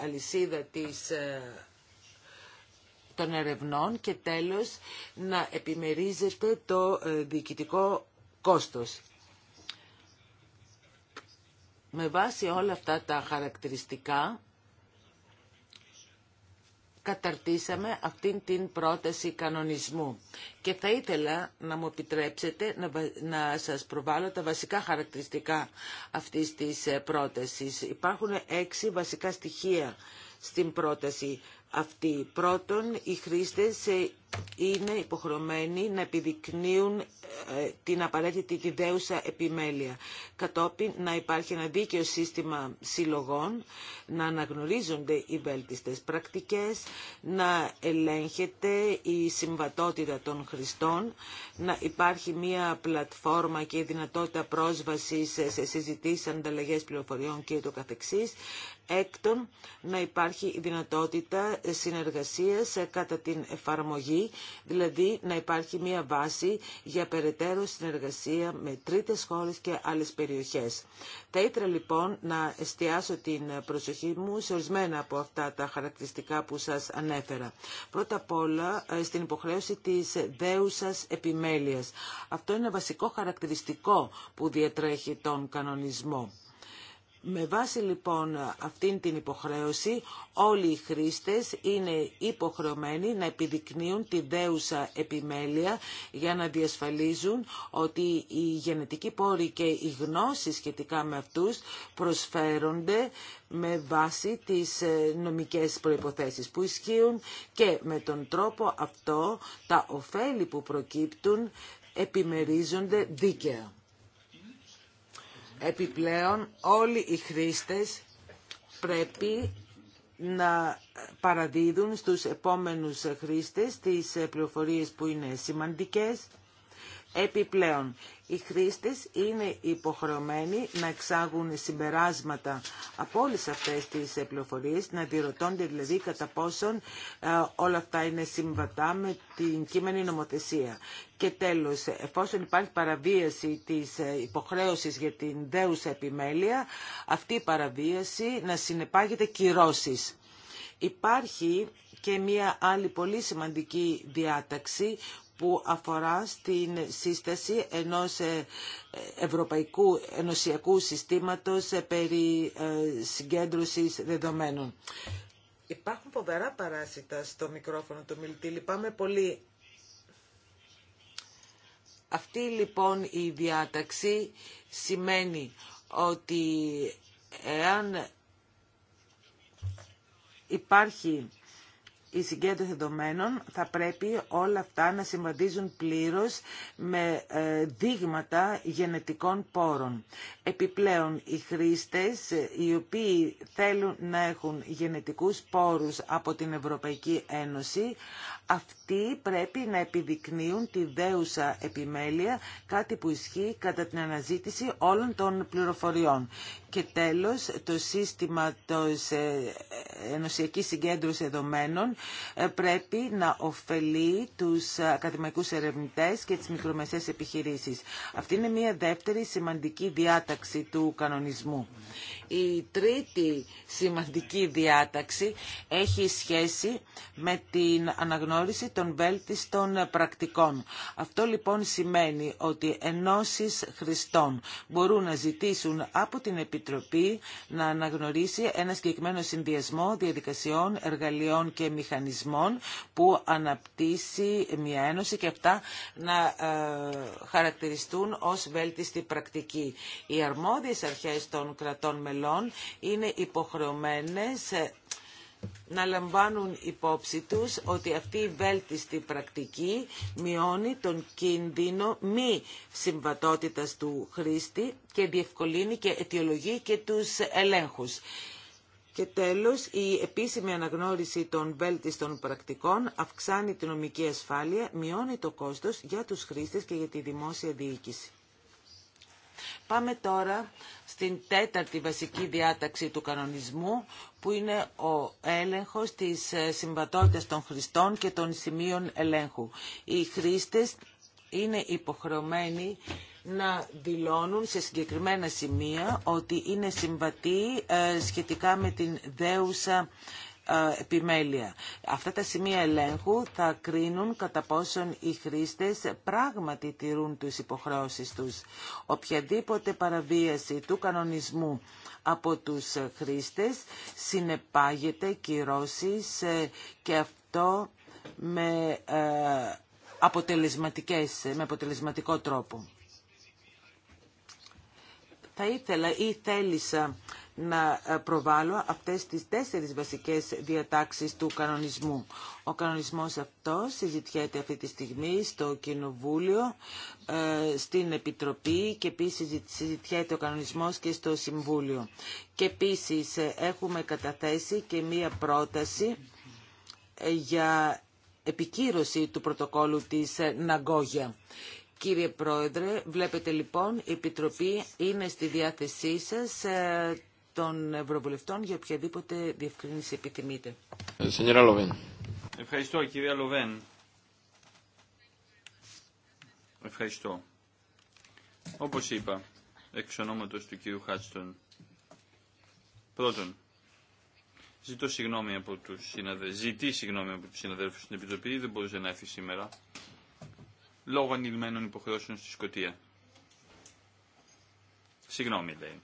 αλυσίδα της ε, των ερευνών και τέλος να επιμερίζεται το ε, διοικητικό κόστος. Με βάση όλα αυτά τα χαρακτηριστικά καταρτήσαμε αυτήν την πρόταση κανονισμού. Και θα ήθελα να μου επιτρέψετε να σας προβάλλω τα βασικά χαρακτηριστικά αυτής της ε, πρότασης. Υπάρχουν έξι βασικά στοιχεία στην πρόταση αυτή. Πρώτον, οι χρήστες ε, είναι υποχρεωμένοι να επιδεικνύουν ε, την απαραίτητη διδέουσα επιμέλεια. Κατόπιν να υπάρχει ένα δίκαιο σύστημα συλλογών, να αναγνωρίζονται οι βέλτιστες πρακτικές, να ελέγχεται η συμβατότητα των χρηστών, να υπάρχει μια πλατφόρμα και δυνατότητα πρόσβασης σε συζητήσεις, ανταλλαγές πληροφοριών και το καθεξής, έκτον να υπάρχει η δυνατότητα συνεργασίας κατά την εφαρμογή δηλαδή να υπάρχει μια βάση για περαιτέρω συνεργασία με τρίτες χώρες και άλλες περιοχές. Θα ήθελα λοιπόν να εστιάσω την προσοχή μου σε ορισμένα από αυτά τα χαρακτηριστικά που σας ανέφερα. Πρώτα απ' όλα ε, στην υποχρέωση της δέουσας επιμέλειας. Αυτό είναι βασικό χαρακτηριστικό που διατρέχει τον κανονισμό. Με βάση λοιπόν αυτήν την υποχρέωση, όλοι οι χρήστες είναι υποχρεωμένοι να επιδεικνύουν τη δέουσα επιμέλεια για να διασφαλίζουν ότι οι γενετικοί πόροι και οι γνώσεις σχετικά με αυτούς προσφέρονται με βάση τις ε, νομικές προϋποθέσεις που ισχύουν και με τον τρόπο αυτό τα ωφέλη που προκύπτουν επιμερίζονται δίκαια. Επιπλέον, όλοι οι χρήστες πρέπει να παραδίδουν στους επόμενους χρήστες τις πληροφορίες που είναι σημαντικές. Επιπλέον, οι χρήστες είναι υποχρεωμένοι να εξάγουν συμπεράσματα από όλες αυτές τις πληροφορίες, να διερωτώνται δηλαδή κατά πόσον ε, όλα αυτά είναι συμβατά με την κείμενη νομοθεσία. Και τέλος, εφόσον υπάρχει παραβίαση της ε, υποχρέωσης για την δέουσα επιμέλεια, αυτή η παραβίαση να συνεπάγεται κυρώσεις. Υπάρχει και μία άλλη πολύ σημαντική διάταξη που αφορά στην σύσταση ενός ε, ευρωπαϊκού ενωσιακού συστήματος ε, περί ε, συγκέντρωσης δεδομένων. Υπάρχουν φοβερά παράσιτα στο μικρόφωνο του μιλτή. Λυπάμαι πολύ. Αυτή λοιπόν η διάταξη σημαίνει ότι εάν υπάρχει η συγκέντρωση δεδομένων θα πρέπει όλα αυτά να συμβαδίζουν πλήρως με ε, δείγματα γενετικών πόρων. Επιπλέον, οι χρήστες ε, οι οποίοι θέλουν να έχουν γενετικούς πόρους από την Ευρωπαϊκή Ένωση, αυτοί πρέπει να επιδεικνύουν τη δέουσα επιμέλεια, κάτι που ισχύει κατά την αναζήτηση όλων των πληροφοριών. Και τέλος, το σύστημα της ε, ενωσιακής συγκέντρωσης δεδομένων ε, πρέπει να ωφελεί τους ακαδημαϊκούς ερευνητές και τις μικρομεσαίες επιχειρήσεις. Αυτή είναι μια δεύτερη σημαντική διάταξη του κανονισμού. Η τρίτη σημαντική διάταξη έχει σχέση με την αναγνώριση των βέλτιστων πρακτικών. Αυτό λοιπόν σημαίνει ότι ενώσεις χρηστών μπορούν να ζητήσουν από την Επιτροπή να αναγνωρίσει ένα συγκεκριμένο συνδυασμό διαδικασιών, εργαλειών και μηχανισμών που αναπτύσσει μια ένωση και αυτά να ε, χαρακτηριστούν ως βέλτιστη πρακτική. Οι αρμόδιες αρχές των κρατών μελών είναι υποχρεωμένες ε, να λαμβάνουν υπόψη τους ότι αυτή η βέλτιστη πρακτική μειώνει τον κίνδυνο μη συμβατότητας του χρήστη και διευκολύνει και αιτιολογεί και τους ελέγχους. Και τέλος, η επίσημη αναγνώριση των βέλτιστων πρακτικών αυξάνει την νομική ασφάλεια, μειώνει το κόστος για τους χρήστες και για τη δημόσια διοίκηση. Πάμε τώρα στην τέταρτη βασική διάταξη του κανονισμού που είναι ο έλεγχος της ε, συμβατότητας των χρηστών και των σημείων ελέγχου. Οι χρήστες είναι υποχρεωμένοι να δηλώνουν σε συγκεκριμένα σημεία ότι είναι συμβατοί ε, σχετικά με την δέουσα ε, επιμέλεια. Αυτά τα σημεία ελέγχου θα κρίνουν κατά πόσον οι χρήστες πράγματι τηρούν τις υποχρεώσεις τους. Οποιαδήποτε παραβίαση του κανονισμού από τους χρήστες συνεπάγεται κυρώσεις ε, και αυτό με, ε, αποτελεσματικές, με αποτελεσματικό τρόπο. Θα ήθελα ή θέλησα να ε, προβάλλω αυτές τις τέσσερις βασικές διατάξεις του κανονισμού. Ο κανονισμός αυτός συζητιέται αυτή τη στιγμή στο Κοινοβούλιο, ε, στην Επιτροπή και επίσης συζητιέται ο κανονισμός και στο Συμβούλιο. Και επίσης ε, έχουμε καταθέσει και μία πρόταση για επικύρωση του πρωτοκόλου της Ναγκόγια. Κύριε Πρόεδρε, βλέπετε λοιπόν η Επιτροπή είναι στη διάθεσή σας των Ευρωβουλευτών για οποιαδήποτε διευκρίνηση επιθυμείτε. Ε, Ευχαριστώ κυρία Λοβέν. Ευχαριστώ. Όπως είπα, εξ ονόματος του κύριου Χάτστον, πρώτον, ζητώ συγγνώμη από τους συναδέλφους, ζητεί συγγνώμη από τους συναδέλφους στην Επιτροπή, δεν μπορούσε να έρθει σήμερα, λόγω ανηλμένων υποχρεώσεων στη Σκοτία. Συγγνώμη, λέει.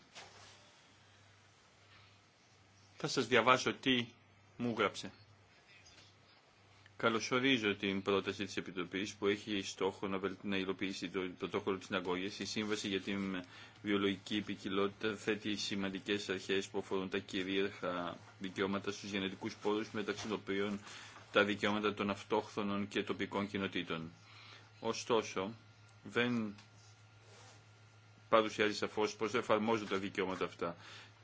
Θα σας διαβάσω τι μου γράψε. Καλωσορίζω την πρόταση της Επιτροπής που έχει στόχο να υλοποιήσει το πρωτόκολλο της Ναγκόγιας. Η Σύμβαση για την Βιολογική Επικοινότητα θέτει σημαντικές αρχές που αφορούν τα κυρίαρχα δικαιώματα στους γενετικούς πόρους μεταξύ των οποίων τα δικαιώματα των αυτόχθονων και τοπικών κοινοτήτων. Ωστόσο, δεν παρουσιάζει σαφώ πώς εφαρμόζονται τα δικαιώματα αυτά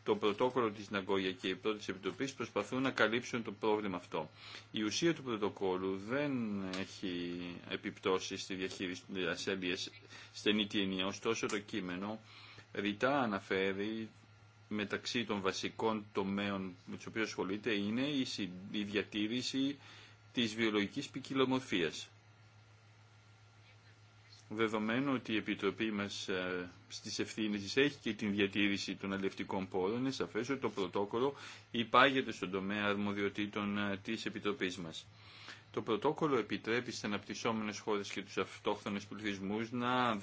το πρωτόκολλο της Ναγκόγια και οι πρώτες επιτροπής προσπαθούν να καλύψουν το πρόβλημα αυτό. Η ουσία του πρωτοκόλλου δεν έχει επιπτώσει στη διαχείριση της ασέλειας στενή ταινία, ωστόσο το κείμενο ρητά αναφέρει μεταξύ των βασικών τομέων με τους οποίους ασχολείται είναι η διατήρηση της βιολογικής ποικιλομορφίας δεδομένου ότι η Επιτροπή μας ε, στις ευθύνες της έχει και την διατήρηση των αλληλευτικών πόρων, είναι ότι το πρωτόκολλο υπάγεται στον τομέα αρμοδιοτήτων ε, της Επιτροπής μας. Το πρωτόκολλο επιτρέπει στις αναπτυσσόμενες χώρες και τους αυτόχθονες πληθυσμούς να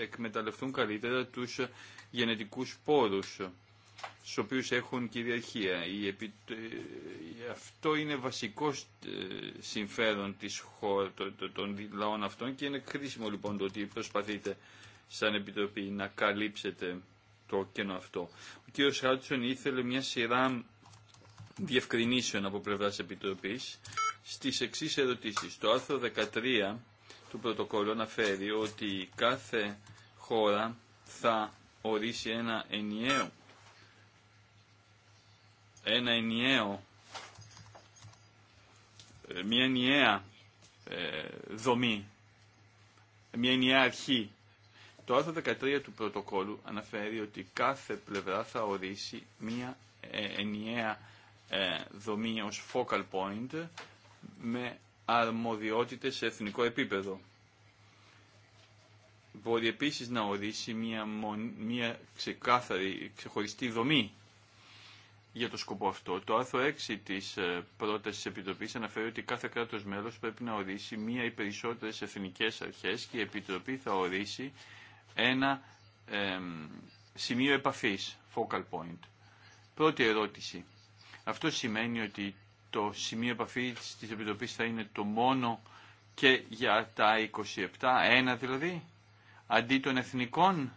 εκμεταλλευτούν καλύτερα τους ε, γενετικούς πόρους στους οποίους έχουν κυριαρχία. Ε, αυτό είναι βασικό ε, συμφέρον της χώρα, των λαών αυτών και είναι κρίσιμο λοιπόν το ότι προσπαθείτε σαν Επιτροπή να καλύψετε το κενό αυτό. Ο κύριος Χάτσον ήθελε μια σειρά διευκρινήσεων από πλευράς Επιτροπής στις εξής ερωτήσεις. Το άρθρο 13 του πρωτοκόλλου αναφέρει ότι κάθε χώρα θα ορίσει ένα ενιαίο ένα ενιαίο, ε, μια ενιαία ε, δομή, μια ενιαία αρχή. Το άρθρο 13 του πρωτοκόλου αναφέρει ότι κάθε πλευρά θα ορίσει μια ε, ενιαία δομή ως focal point με αρμοδιότητε σε εθνικό επίπεδο. Μπορεί επίσης να ορίσει μια, μια ξεκάθαρη, ξεχωριστή δομή για το σκοπό αυτό. Το άρθρο 6 της ε, τη επιτροπή αναφέρει ότι κάθε κράτος μέλος πρέπει να ορίσει μία ή περισσότερες εθνικές αρχές και η Επιτροπή θα ορίσει ένα σημείο επαφής, focal point. Πρώτη ερώτηση. Αυτό σημαίνει ότι το σημείο επαφής της Επιτροπή θα είναι το μόνο και για τα 27, ένα δηλαδή, αντί των εθνικών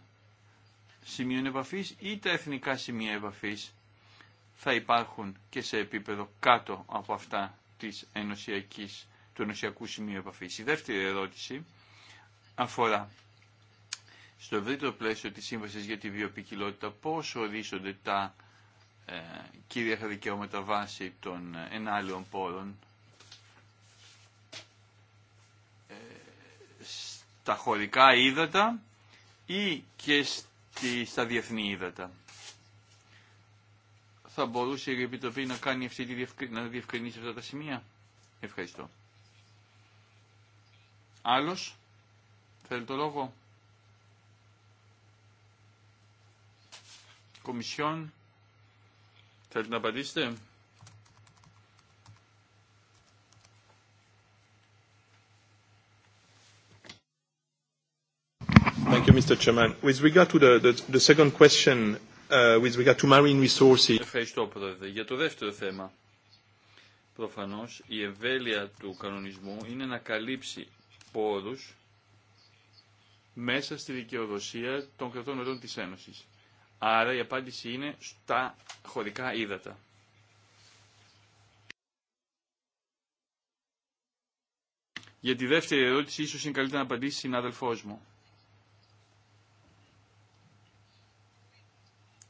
σημείων επαφής ή τα εθνικά σημεία επαφής θα υπάρχουν και σε επίπεδο κάτω από αυτά της ενωσιακής, του ενωσιακού σημείου επαφή. Η δεύτερη ερώτηση αφορά στο ευρύτερο πλαίσιο της Σύμβασης για τη βιοποικιλότητα πώς ορίζονται τα ε, κυρίαρχα δικαιώματα βάση των ε, ενάλλειων πόρων ε, στα χωρικά ύδατα ή και στη, στα διεθνή ύδατα θα μπορούσε η Επιτροπή να κάνει αυτή τη διευκρι... να διευκρινίσει αυτά τα σημεία. Ευχαριστώ. Άλλος, θέλει το λόγο. Κομισιόν, θέλετε να απαντήσετε. Thank you, Mr. Chairman. With regard to the, the, the second question, ε, Ευχαριστώ, Πρόεδρε. Για το δεύτερο θέμα, προφανώς η ευέλεια του κανονισμού είναι να καλύψει πόρους μέσα στη δικαιοδοσία των κρατών μελών της Ένωσης. Άρα η απάντηση είναι στα χωρικά ύδατα. Για τη δεύτερη ερώτηση ίσως είναι καλύτερα να απαντήσει συνάδελφός μου.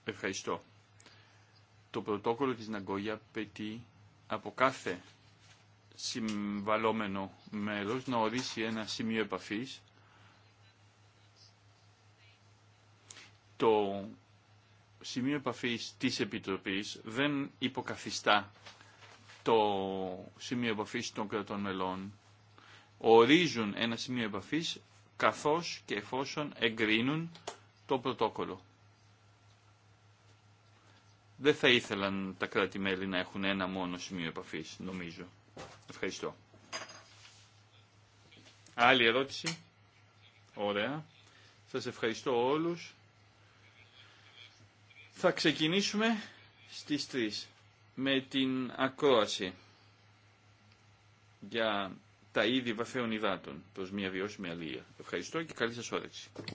Ευχαριστώ. Το πρωτόκολλο της Ναγκόγια απαιτεί από κάθε συμβαλόμενο μέλος να ορίσει ένα σημείο επαφής το σημείο επαφής της Επιτροπής δεν υποκαθιστά το σημείο επαφής των κρατών μελών. Ορίζουν ένα σημείο επαφής καθώς και εφόσον εγκρίνουν το πρωτόκολλο δεν θα ήθελαν τα κράτη-μέλη να έχουν ένα μόνο σημείο επαφής, νομίζω. Ευχαριστώ. Άλλη ερώτηση. Ωραία. Σας ευχαριστώ όλους. Θα ξεκινήσουμε στις 3 με την ακρόαση για τα είδη βαφέων υδάτων προς μια βιώσιμη αλληλεία. Ευχαριστώ και καλή σας όρεξη.